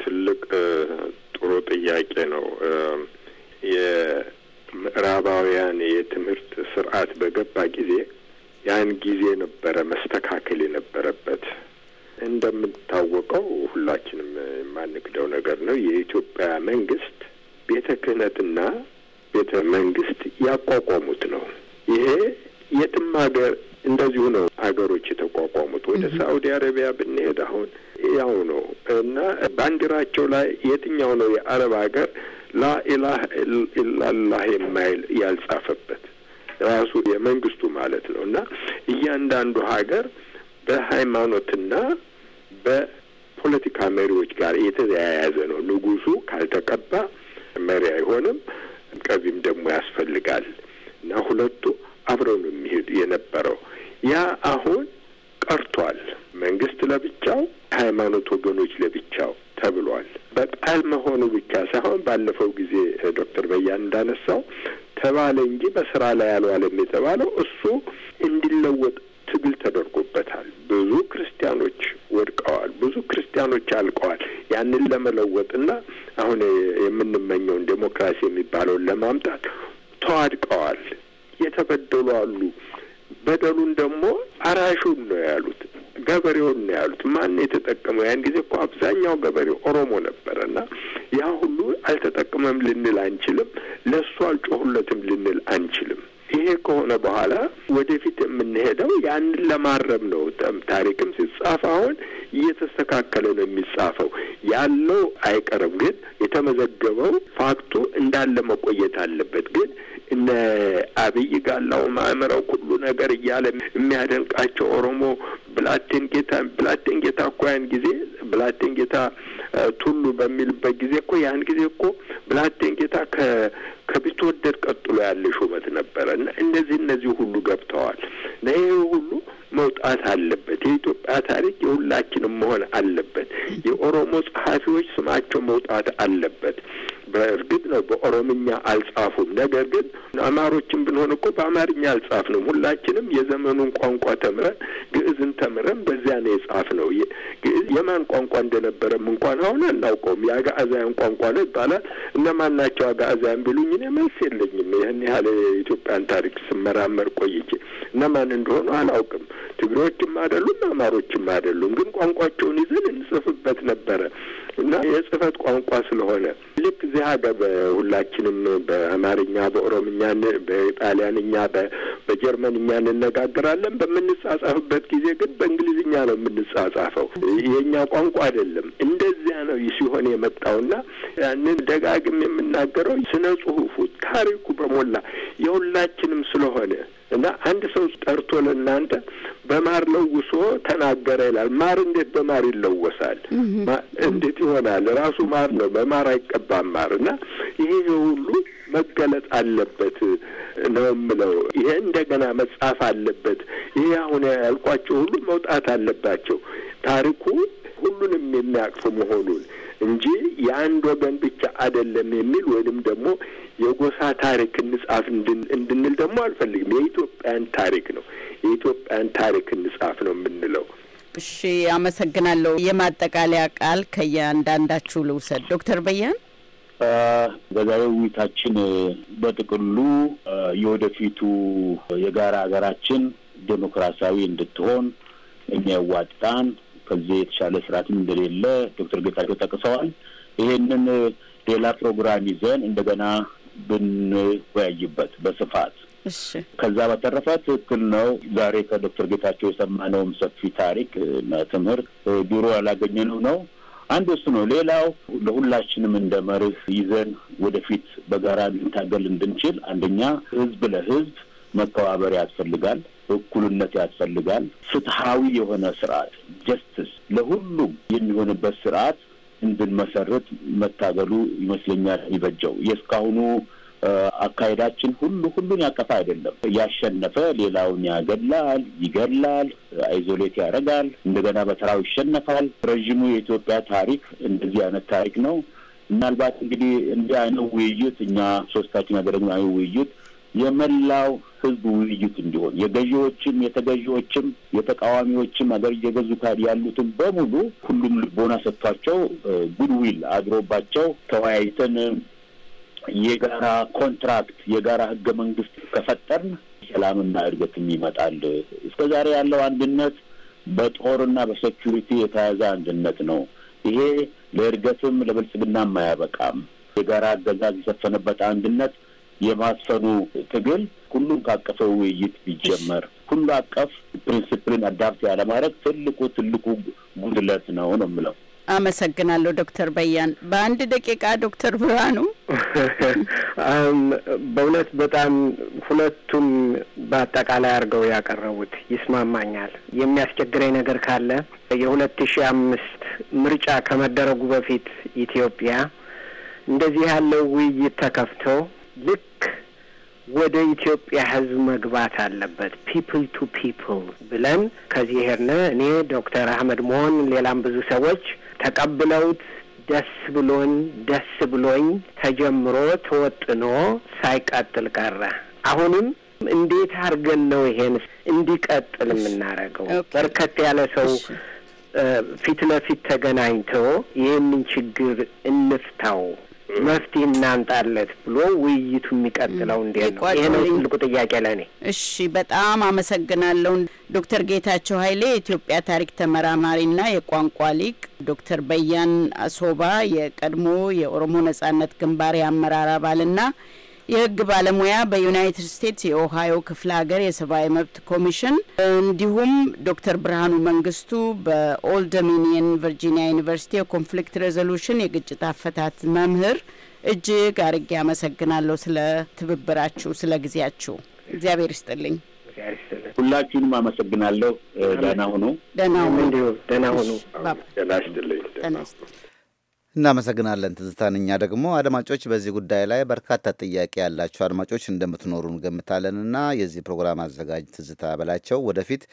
ትልቅ ጥሩ ጥያቄ ነው። የምዕራባውያን የትምህርት ስርዓት በገባ ጊዜ ያን ጊዜ ነበረ መስተካከል የነበረበት። እንደምታወቀው ሁላችንም የማንክደው ነገር ነው። የኢትዮጵያ መንግስት ቤተ ክህነትና ቤተ መንግስት ያቋቋሙት ነው። ይሄ የትም ሀገር እንደዚሁ ነው ሀገሮች የተቋቋሙት። ወደ ሳኡዲ አረቢያ ብንሄድ አሁን ያው ነው እና ባንዲራቸው ላይ የትኛው ነው የአረብ ሀገር ላኢላህ ኢላላህ የማይል ያልጻፈበት ራሱ የመንግስቱ ማለት ነው እና እያንዳንዱ ሀገር በሃይማኖትና በፖለቲካ መሪዎች ጋር የተያያዘ ነው። ንጉሱ ካልተቀባ መሪ አይሆንም። ቀቢም ደግሞ ያስፈልጋል እና ሁለቱ አብረው ነው የሚሄዱ የነበረው። ያ አሁን ቀርቷል። መንግስት ለብቻው፣ ሃይማኖት ወገኖች ለብቻው ተብሏል። በቃል መሆኑ ብቻ ሳይሆን ባለፈው ጊዜ ዶክተር በያን እንዳነሳው ተባለ እንጂ በስራ ላይ አልዋለም የተባለው እሱ እንዲለወጥ ትግል ተደርጎበታል። ብዙ ክርስቲያኖች ወድቀዋል። ብዙ ክርስቲያኖች አልቀዋል። ያንን ለመለወጥና አሁን የምንመኘውን ዴሞክራሲ የሚባለውን ለማምጣት ተዋድቀዋል። የተበደሉ አሉ። በደሉን ደግሞ አራሹን ነው ያሉት፣ ገበሬውን ነው ያሉት። ማን የተጠቀመው? ያን ጊዜ እኮ አብዛኛው ገበሬ ኦሮሞ ነበረና ያ ሁሉ አልተጠቀመም ልንል አንችልም። ለእሱ አልጮሁለትም ልንል አንችልም። ይሄ ከሆነ በኋላ ወደፊት የምንሄደው ያንን ለማረም ነው። ታሪክም ሲጻፍ አሁን እየተስተካከለ ነው የሚጻፈው። ያለው አይቀርም፣ ግን የተመዘገበው ፋክቱ እንዳለ መቆየት አለበት ግን እነ አብይ ጋላው ማእምረው ሁሉ ነገር እያለ የሚያደንቃቸው ኦሮሞ ብላቴን ጌታ ብላቴን ጌታ እኮ ያን ጊዜ ብላቴን ጌታ ቱሉ በሚልበት ጊዜ እኮ ያን ጊዜ እኮ ብላቴን ጌታ ከ ከቢትወደድ ቀጥሎ ያለ ሹመት ነበረ እና እነዚህ እነዚህ ሁሉ ገብተዋል እና ይህ ሁሉ መውጣት አለበት። የኢትዮጵያ ታሪክ የሁላችንም መሆን አለበት። የኦሮሞ ጸሐፊዎች ስማቸው መውጣት አለበት። በእርግጥ ነው በኦሮምኛ አልጻፉም። ነገር ግን አማሮችን ብንሆን እኮ በአማርኛ አልጻፍንም። ሁላችንም የዘመኑን ቋንቋ ተምረን ግዕዝን ተምረን በዚያ ነው የጻፍነው። ግዕዝ የማን ቋንቋ እንደነበረም እንኳን አሁን አናውቀውም። የአጋዕዛያን ቋንቋ ነው ይባላል። እነማን ናቸው አጋዕዛያን ቢሉኝ እኔ መልስ የለኝም። ይህን ያህል የኢትዮጵያን ታሪክ ስመራመር ቆይቼ እነማን እንደሆኑ አላውቅም። ትግሬዎችም አይደሉም፣ አማሮችም አይደሉም። ግን ቋንቋቸውን ይዘን እንጽፍበት ነበረ እና የጽህፈት ቋንቋ ስለሆነ ልክ እዚህ ሀገር ሁላችንም በአማርኛ፣ በኦሮምኛ፣ በጣሊያንኛ፣ በጀርመንኛ እንነጋገራለን። በምንጻጻፍበት ጊዜ ግን በእንግሊዝኛ ነው የምንጻጻፈው። የእኛ ቋንቋ አይደለም። እንደዚያ ነው ሲሆን የመጣውና ያንን ደጋግም የምናገረው ስነ ጽሁፉ ታሪኩ በሞላ የሁላችንም ስለሆነ እና አንድ ሰው ጠርቶ ለእናንተ በማር ለውሶ ተናገረ ይላል። ማር እንዴት በማር ይለወሳል? እንዴት ይሆናል? ራሱ ማር ነው፣ በማር አይቀባም ማር እና ይሄ ሁሉ መገለጥ አለበት ነው የምለው። ይሄ እንደገና መጻፍ አለበት። ይሄ አሁን ያልኳቸው ሁሉ መውጣት አለባቸው። ታሪኩ ሁሉንም የሚያቅፍ መሆኑን እንጂ የአንድ ወገን ብቻ አይደለም የሚል ወይንም ደግሞ የጎሳ ታሪክ እንጻፍ እንድንል ደግሞ አልፈልግም። የኢትዮጵያን ታሪክ ነው የኢትዮጵያን ታሪክ እንጻፍ ነው የምንለው። እሺ፣ አመሰግናለሁ። የማጠቃለያ ቃል ከየአንዳንዳችሁ ልውሰድ። ዶክተር በያን በዛሬው ውይይታችን በጥቅሉ የወደፊቱ የጋራ ሀገራችን ዴሞክራሲያዊ እንድትሆን የሚያዋጣን ከዚህ የተሻለ ስርዓትም እንደሌለ ዶክተር ጌታቸው ጠቅሰዋል። ይሄንን ሌላ ፕሮግራም ይዘን እንደገና ብንወያይበት በስፋት ከዛ በተረፈ ትክክል ነው። ዛሬ ከዶክተር ጌታቸው የሰማነውም ሰፊ ታሪክ ትምህርት ድሮ ያላገኘነው ነው። አንድ እሱ ነው። ሌላው ለሁላችንም እንደ መርህ ይዘን ወደፊት በጋራ ልንታገል እንድንችል አንደኛ ህዝብ ለህዝብ መከባበር ያስፈልጋል። እኩልነት ያስፈልጋል። ፍትሀዊ የሆነ ስርዓት ጀስትስ ለሁሉም የሚሆንበት ስርዓት እንድንመሰረት መታገሉ ይመስለኛል ይበጀው። የእስካሁኑ አካሄዳችን ሁሉ ሁሉን ያቀፋ አይደለም። ያሸነፈ ሌላውን ያገላል፣ ይገላል፣ አይዞሌት ያደርጋል፣ እንደገና በተራው ይሸነፋል። ረዥሙ የኢትዮጵያ ታሪክ እንደዚህ አይነት ታሪክ ነው። ምናልባት እንግዲህ እንዲህ አይነት ውይይት እኛ ሶስታችን ያደረግነው አይነት ውይይት የመላው ህዝብ ውይይት እንዲሆን የገዢዎችም የተገዢዎችም የተቃዋሚዎችም ሀገር እየገዙ ያሉትን በሙሉ ሁሉም ልቦና ሰጥቷቸው ጉድዊል አድሮባቸው ተወያይተን የጋራ ኮንትራክት የጋራ ህገ መንግስት ከፈጠርን ሰላምና እድገትም ይመጣል። እስከ ዛሬ ያለው አንድነት በጦርና በሴኪሪቲ የተያዘ አንድነት ነው። ይሄ ለእድገትም ለብልጽግናም አያበቃም። የጋራ አገዛዝ የሰፈነበት አንድነት የማስፈኑ ትግል ሁሉን ካቀፈ ውይይት ቢጀመር ሁሉ አቀፍ ፕሪንስፕልን አዳፕት ያለማድረግ ትልቁ ትልቁ ጉድለት ነው ነው የምለው። አመሰግናለሁ ዶክተር በያን። በአንድ ደቂቃ ዶክተር ብርሃኑ። በእውነት በጣም ሁለቱም በአጠቃላይ አድርገው ያቀረቡት ይስማማኛል። የሚያስቸግረኝ ነገር ካለ የሁለት ሺ አምስት ምርጫ ከመደረጉ በፊት ኢትዮጵያ እንደዚህ ያለው ውይይት ተከፍቶ ልክ ወደ ኢትዮጵያ ህዝብ መግባት አለበት። ፒፕል ቱ ፒፕል ብለን ከዚህ ሄድነ። እኔ ዶክተር አህመድ መሆን ሌላም ብዙ ሰዎች ተቀብለውት ደስ ብሎኝ ደስ ብሎኝ ተጀምሮ ተወጥኖ ሳይቀጥል ቀረ። አሁንም እንዴት አድርገን ነው ይሄን እንዲቀጥል የምናደርገው? በርከት ያለ ሰው ፊት ለፊት ተገናኝቶ ይህንን ችግር እንፍታው መፍትሄ እናምጣለት ብሎ ውይይቱ የሚቀጥለው እንዴት ነው? ይሄ ነው ትልቁ ጥያቄ ለእኔ። እሺ፣ በጣም አመሰግናለሁ ዶክተር ጌታቸው ኃይሌ የኢትዮጵያ ታሪክ ተመራማሪና የቋንቋ ሊቅ፣ ዶክተር በያን አሶባ የቀድሞ የኦሮሞ ነጻነት ግንባር የአመራር አባልና የህግ ባለሙያ በዩናይትድ ስቴትስ የኦሃዮ ክፍለ ሀገር የሰብአዊ መብት ኮሚሽን እንዲሁም ዶክተር ብርሃኑ መንግስቱ በኦልድ ዶሚኒየን ቨርጂኒያ ዩኒቨርሲቲ የኮንፍሊክት ሬዞሉሽን የግጭት አፈታት መምህር፣ እጅግ አርጌ አመሰግናለሁ ስለ ትብብራችሁ፣ ስለ ጊዜያችሁ። እግዚአብሔር ይስጥልኝ። ሁላችሁንም አመሰግናለሁ። ደህና ሁኑ። ደህና ሁኑ። ደህና ሁኑ። ደህና ይስጥልኝ። እናመሰግናለን ትዝታን። እኛ ደግሞ አድማጮች በዚህ ጉዳይ ላይ በርካታ ጥያቄ ያላቸው አድማጮች እንደምትኖሩ እንገምታለንና የዚህ ፕሮግራም አዘጋጅ ትዝታ በላቸው ወደፊት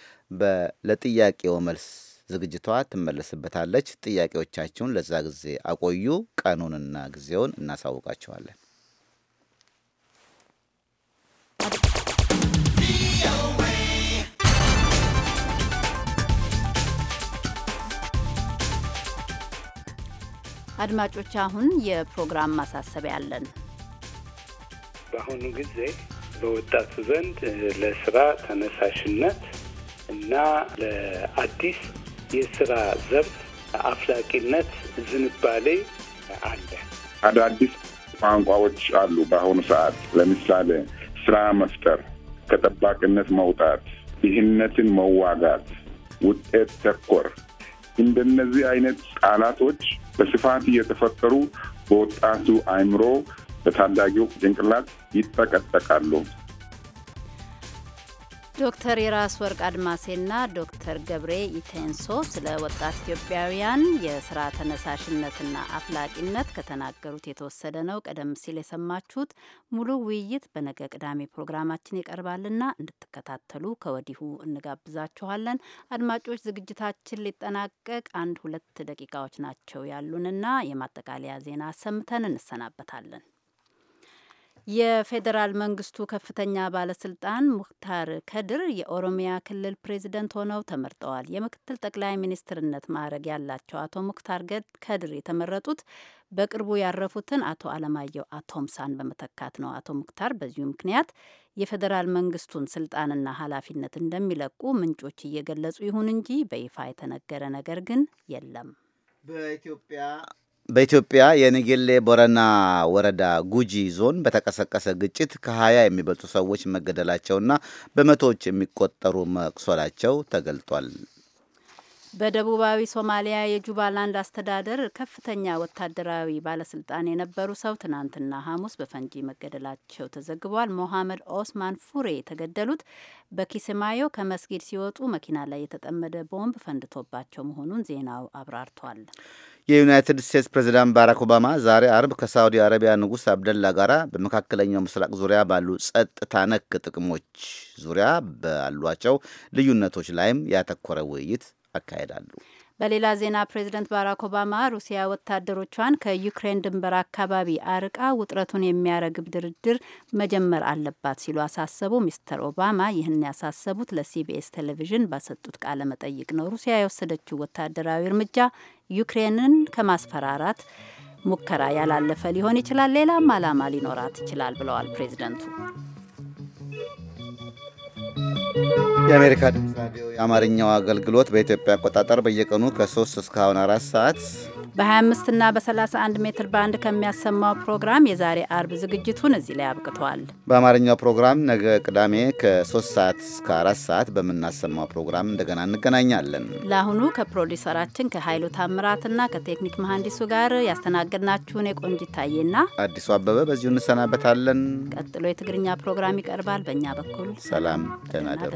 ለጥያቄው መልስ ዝግጅቷ ትመለስበታለች። ጥያቄዎቻችሁን ለዛ ጊዜ አቆዩ። ቀኑንና ጊዜውን እናሳውቃቸዋለን። አድማጮች፣ አሁን የፕሮግራም ማሳሰቢያ አለን። በአሁኑ ጊዜ በወጣቱ ዘንድ ለስራ ተነሳሽነት እና ለአዲስ የስራ ዘርፍ አፍላቂነት ዝንባሌ አለ። አዳዲስ ቋንቋዎች አሉ። በአሁኑ ሰዓት ለምሳሌ ስራ መፍጠር፣ ከጠባቂነት መውጣት፣ ድህነትን መዋጋት፣ ውጤት ተኮር እንደነዚህ አይነት ቃላቶች በስፋት እየተፈጠሩ በወጣቱ አይምሮ በታዳጊው ጭንቅላት ይጠቀጠቃሉ። ዶክተር የራስ ወርቅ አድማሴና ዶክተር ገብሬ ኢቴንሶ ስለ ወጣት ኢትዮጵያውያን የስራ ተነሳሽነትና አፍላቂነት ከተናገሩት የተወሰደ ነው። ቀደም ሲል የሰማችሁት ሙሉ ውይይት በነገ ቅዳሜ ፕሮግራማችን ይቀርባልና እንድትከታተሉ ከወዲሁ እንጋብዛችኋለን። አድማጮች ዝግጅታችን ሊጠናቀቅ አንድ ሁለት ደቂቃዎች ናቸው ያሉንና የማጠቃለያ ዜና ሰምተን እንሰናበታለን። የፌዴራል መንግስቱ ከፍተኛ ባለስልጣን ሙክታር ከድር የኦሮሚያ ክልል ፕሬዚደንት ሆነው ተመርጠዋል። የምክትል ጠቅላይ ሚኒስትርነት ማዕረግ ያላቸው አቶ ሙክታር ከድር የተመረጡት በቅርቡ ያረፉትን አቶ አለማየሁ አቶምሳን በመተካት ነው። አቶ ሙክታር በዚሁ ምክንያት የፌዴራል መንግስቱን ስልጣንና ኃላፊነት እንደሚለቁ ምንጮች እየገለጹ ይሁን እንጂ በይፋ የተነገረ ነገር ግን የለም። በኢትዮጵያ በኢትዮጵያ የንጌሌ ቦረና ወረዳ ጉጂ ዞን በተቀሰቀሰ ግጭት ከሀያ የሚበልጡ ሰዎች መገደላቸውና በመቶዎች የሚቆጠሩ መቁሰላቸው ተገልጧል። በደቡባዊ ሶማሊያ የጁባላንድ አስተዳደር ከፍተኛ ወታደራዊ ባለስልጣን የነበሩ ሰው ትናንትና ሐሙስ በፈንጂ መገደላቸው ተዘግቧል። ሞሐመድ ኦስማን ፉሬ የተገደሉት በኪስማዮ ከመስጊድ ሲወጡ መኪና ላይ የተጠመደ ቦምብ ፈንድቶባቸው መሆኑን ዜናው አብራርቷል። የዩናይትድ ስቴትስ ፕሬዚዳንት ባራክ ኦባማ ዛሬ አርብ ከሳውዲ አረቢያ ንጉሥ አብደላ ጋራ በመካከለኛው ምስራቅ ዙሪያ ባሉ ጸጥታ ነክ ጥቅሞች ዙሪያ ባሏቸው ልዩነቶች ላይም ያተኮረ ውይይት ያካሄዳሉ። በሌላ ዜና ፕሬዚደንት ባራክ ኦባማ ሩሲያ ወታደሮቿን ከዩክሬን ድንበር አካባቢ አርቃ ውጥረቱን የሚያረግብ ድርድር መጀመር አለባት ሲሉ አሳሰቡ። ሚስተር ኦባማ ይህን ያሳሰቡት ለሲቢኤስ ቴሌቪዥን በሰጡት ቃለ መጠይቅ ነው። ሩሲያ የወሰደችው ወታደራዊ እርምጃ ዩክሬንን ከማስፈራራት ሙከራ ያላለፈ ሊሆን ይችላል፣ ሌላም ዓላማ ሊኖራት ይችላል ብለዋል ፕሬዚደንቱ። የአሜሪካ ድምፅ ራዲዮ የአማርኛው አገልግሎት በኢትዮጵያ አቆጣጠር በየቀኑ ከ3 እስካሁን አራት ሰዓት በ25 እና በ31 ሜትር ባንድ ከሚያሰማው ፕሮግራም የዛሬ አርብ ዝግጅቱን እዚህ ላይ አብቅቷል። በአማርኛው ፕሮግራም ነገ ቅዳሜ ከ3 ሰዓት እስከ 4 ሰዓት በምናሰማው ፕሮግራም እንደገና እንገናኛለን። ለአሁኑ ከፕሮዲሰራችን ከኃይሉ ታምራትና ከቴክኒክ መሐንዲሱ ጋር ያስተናገድናችሁን የቆንጂት ታዬና አዲሱ አበበ በዚሁ እንሰናበታለን። ቀጥሎ የትግርኛ ፕሮግራም ይቀርባል። በእኛ በኩል ሰላም፣ ደህና ደሩ።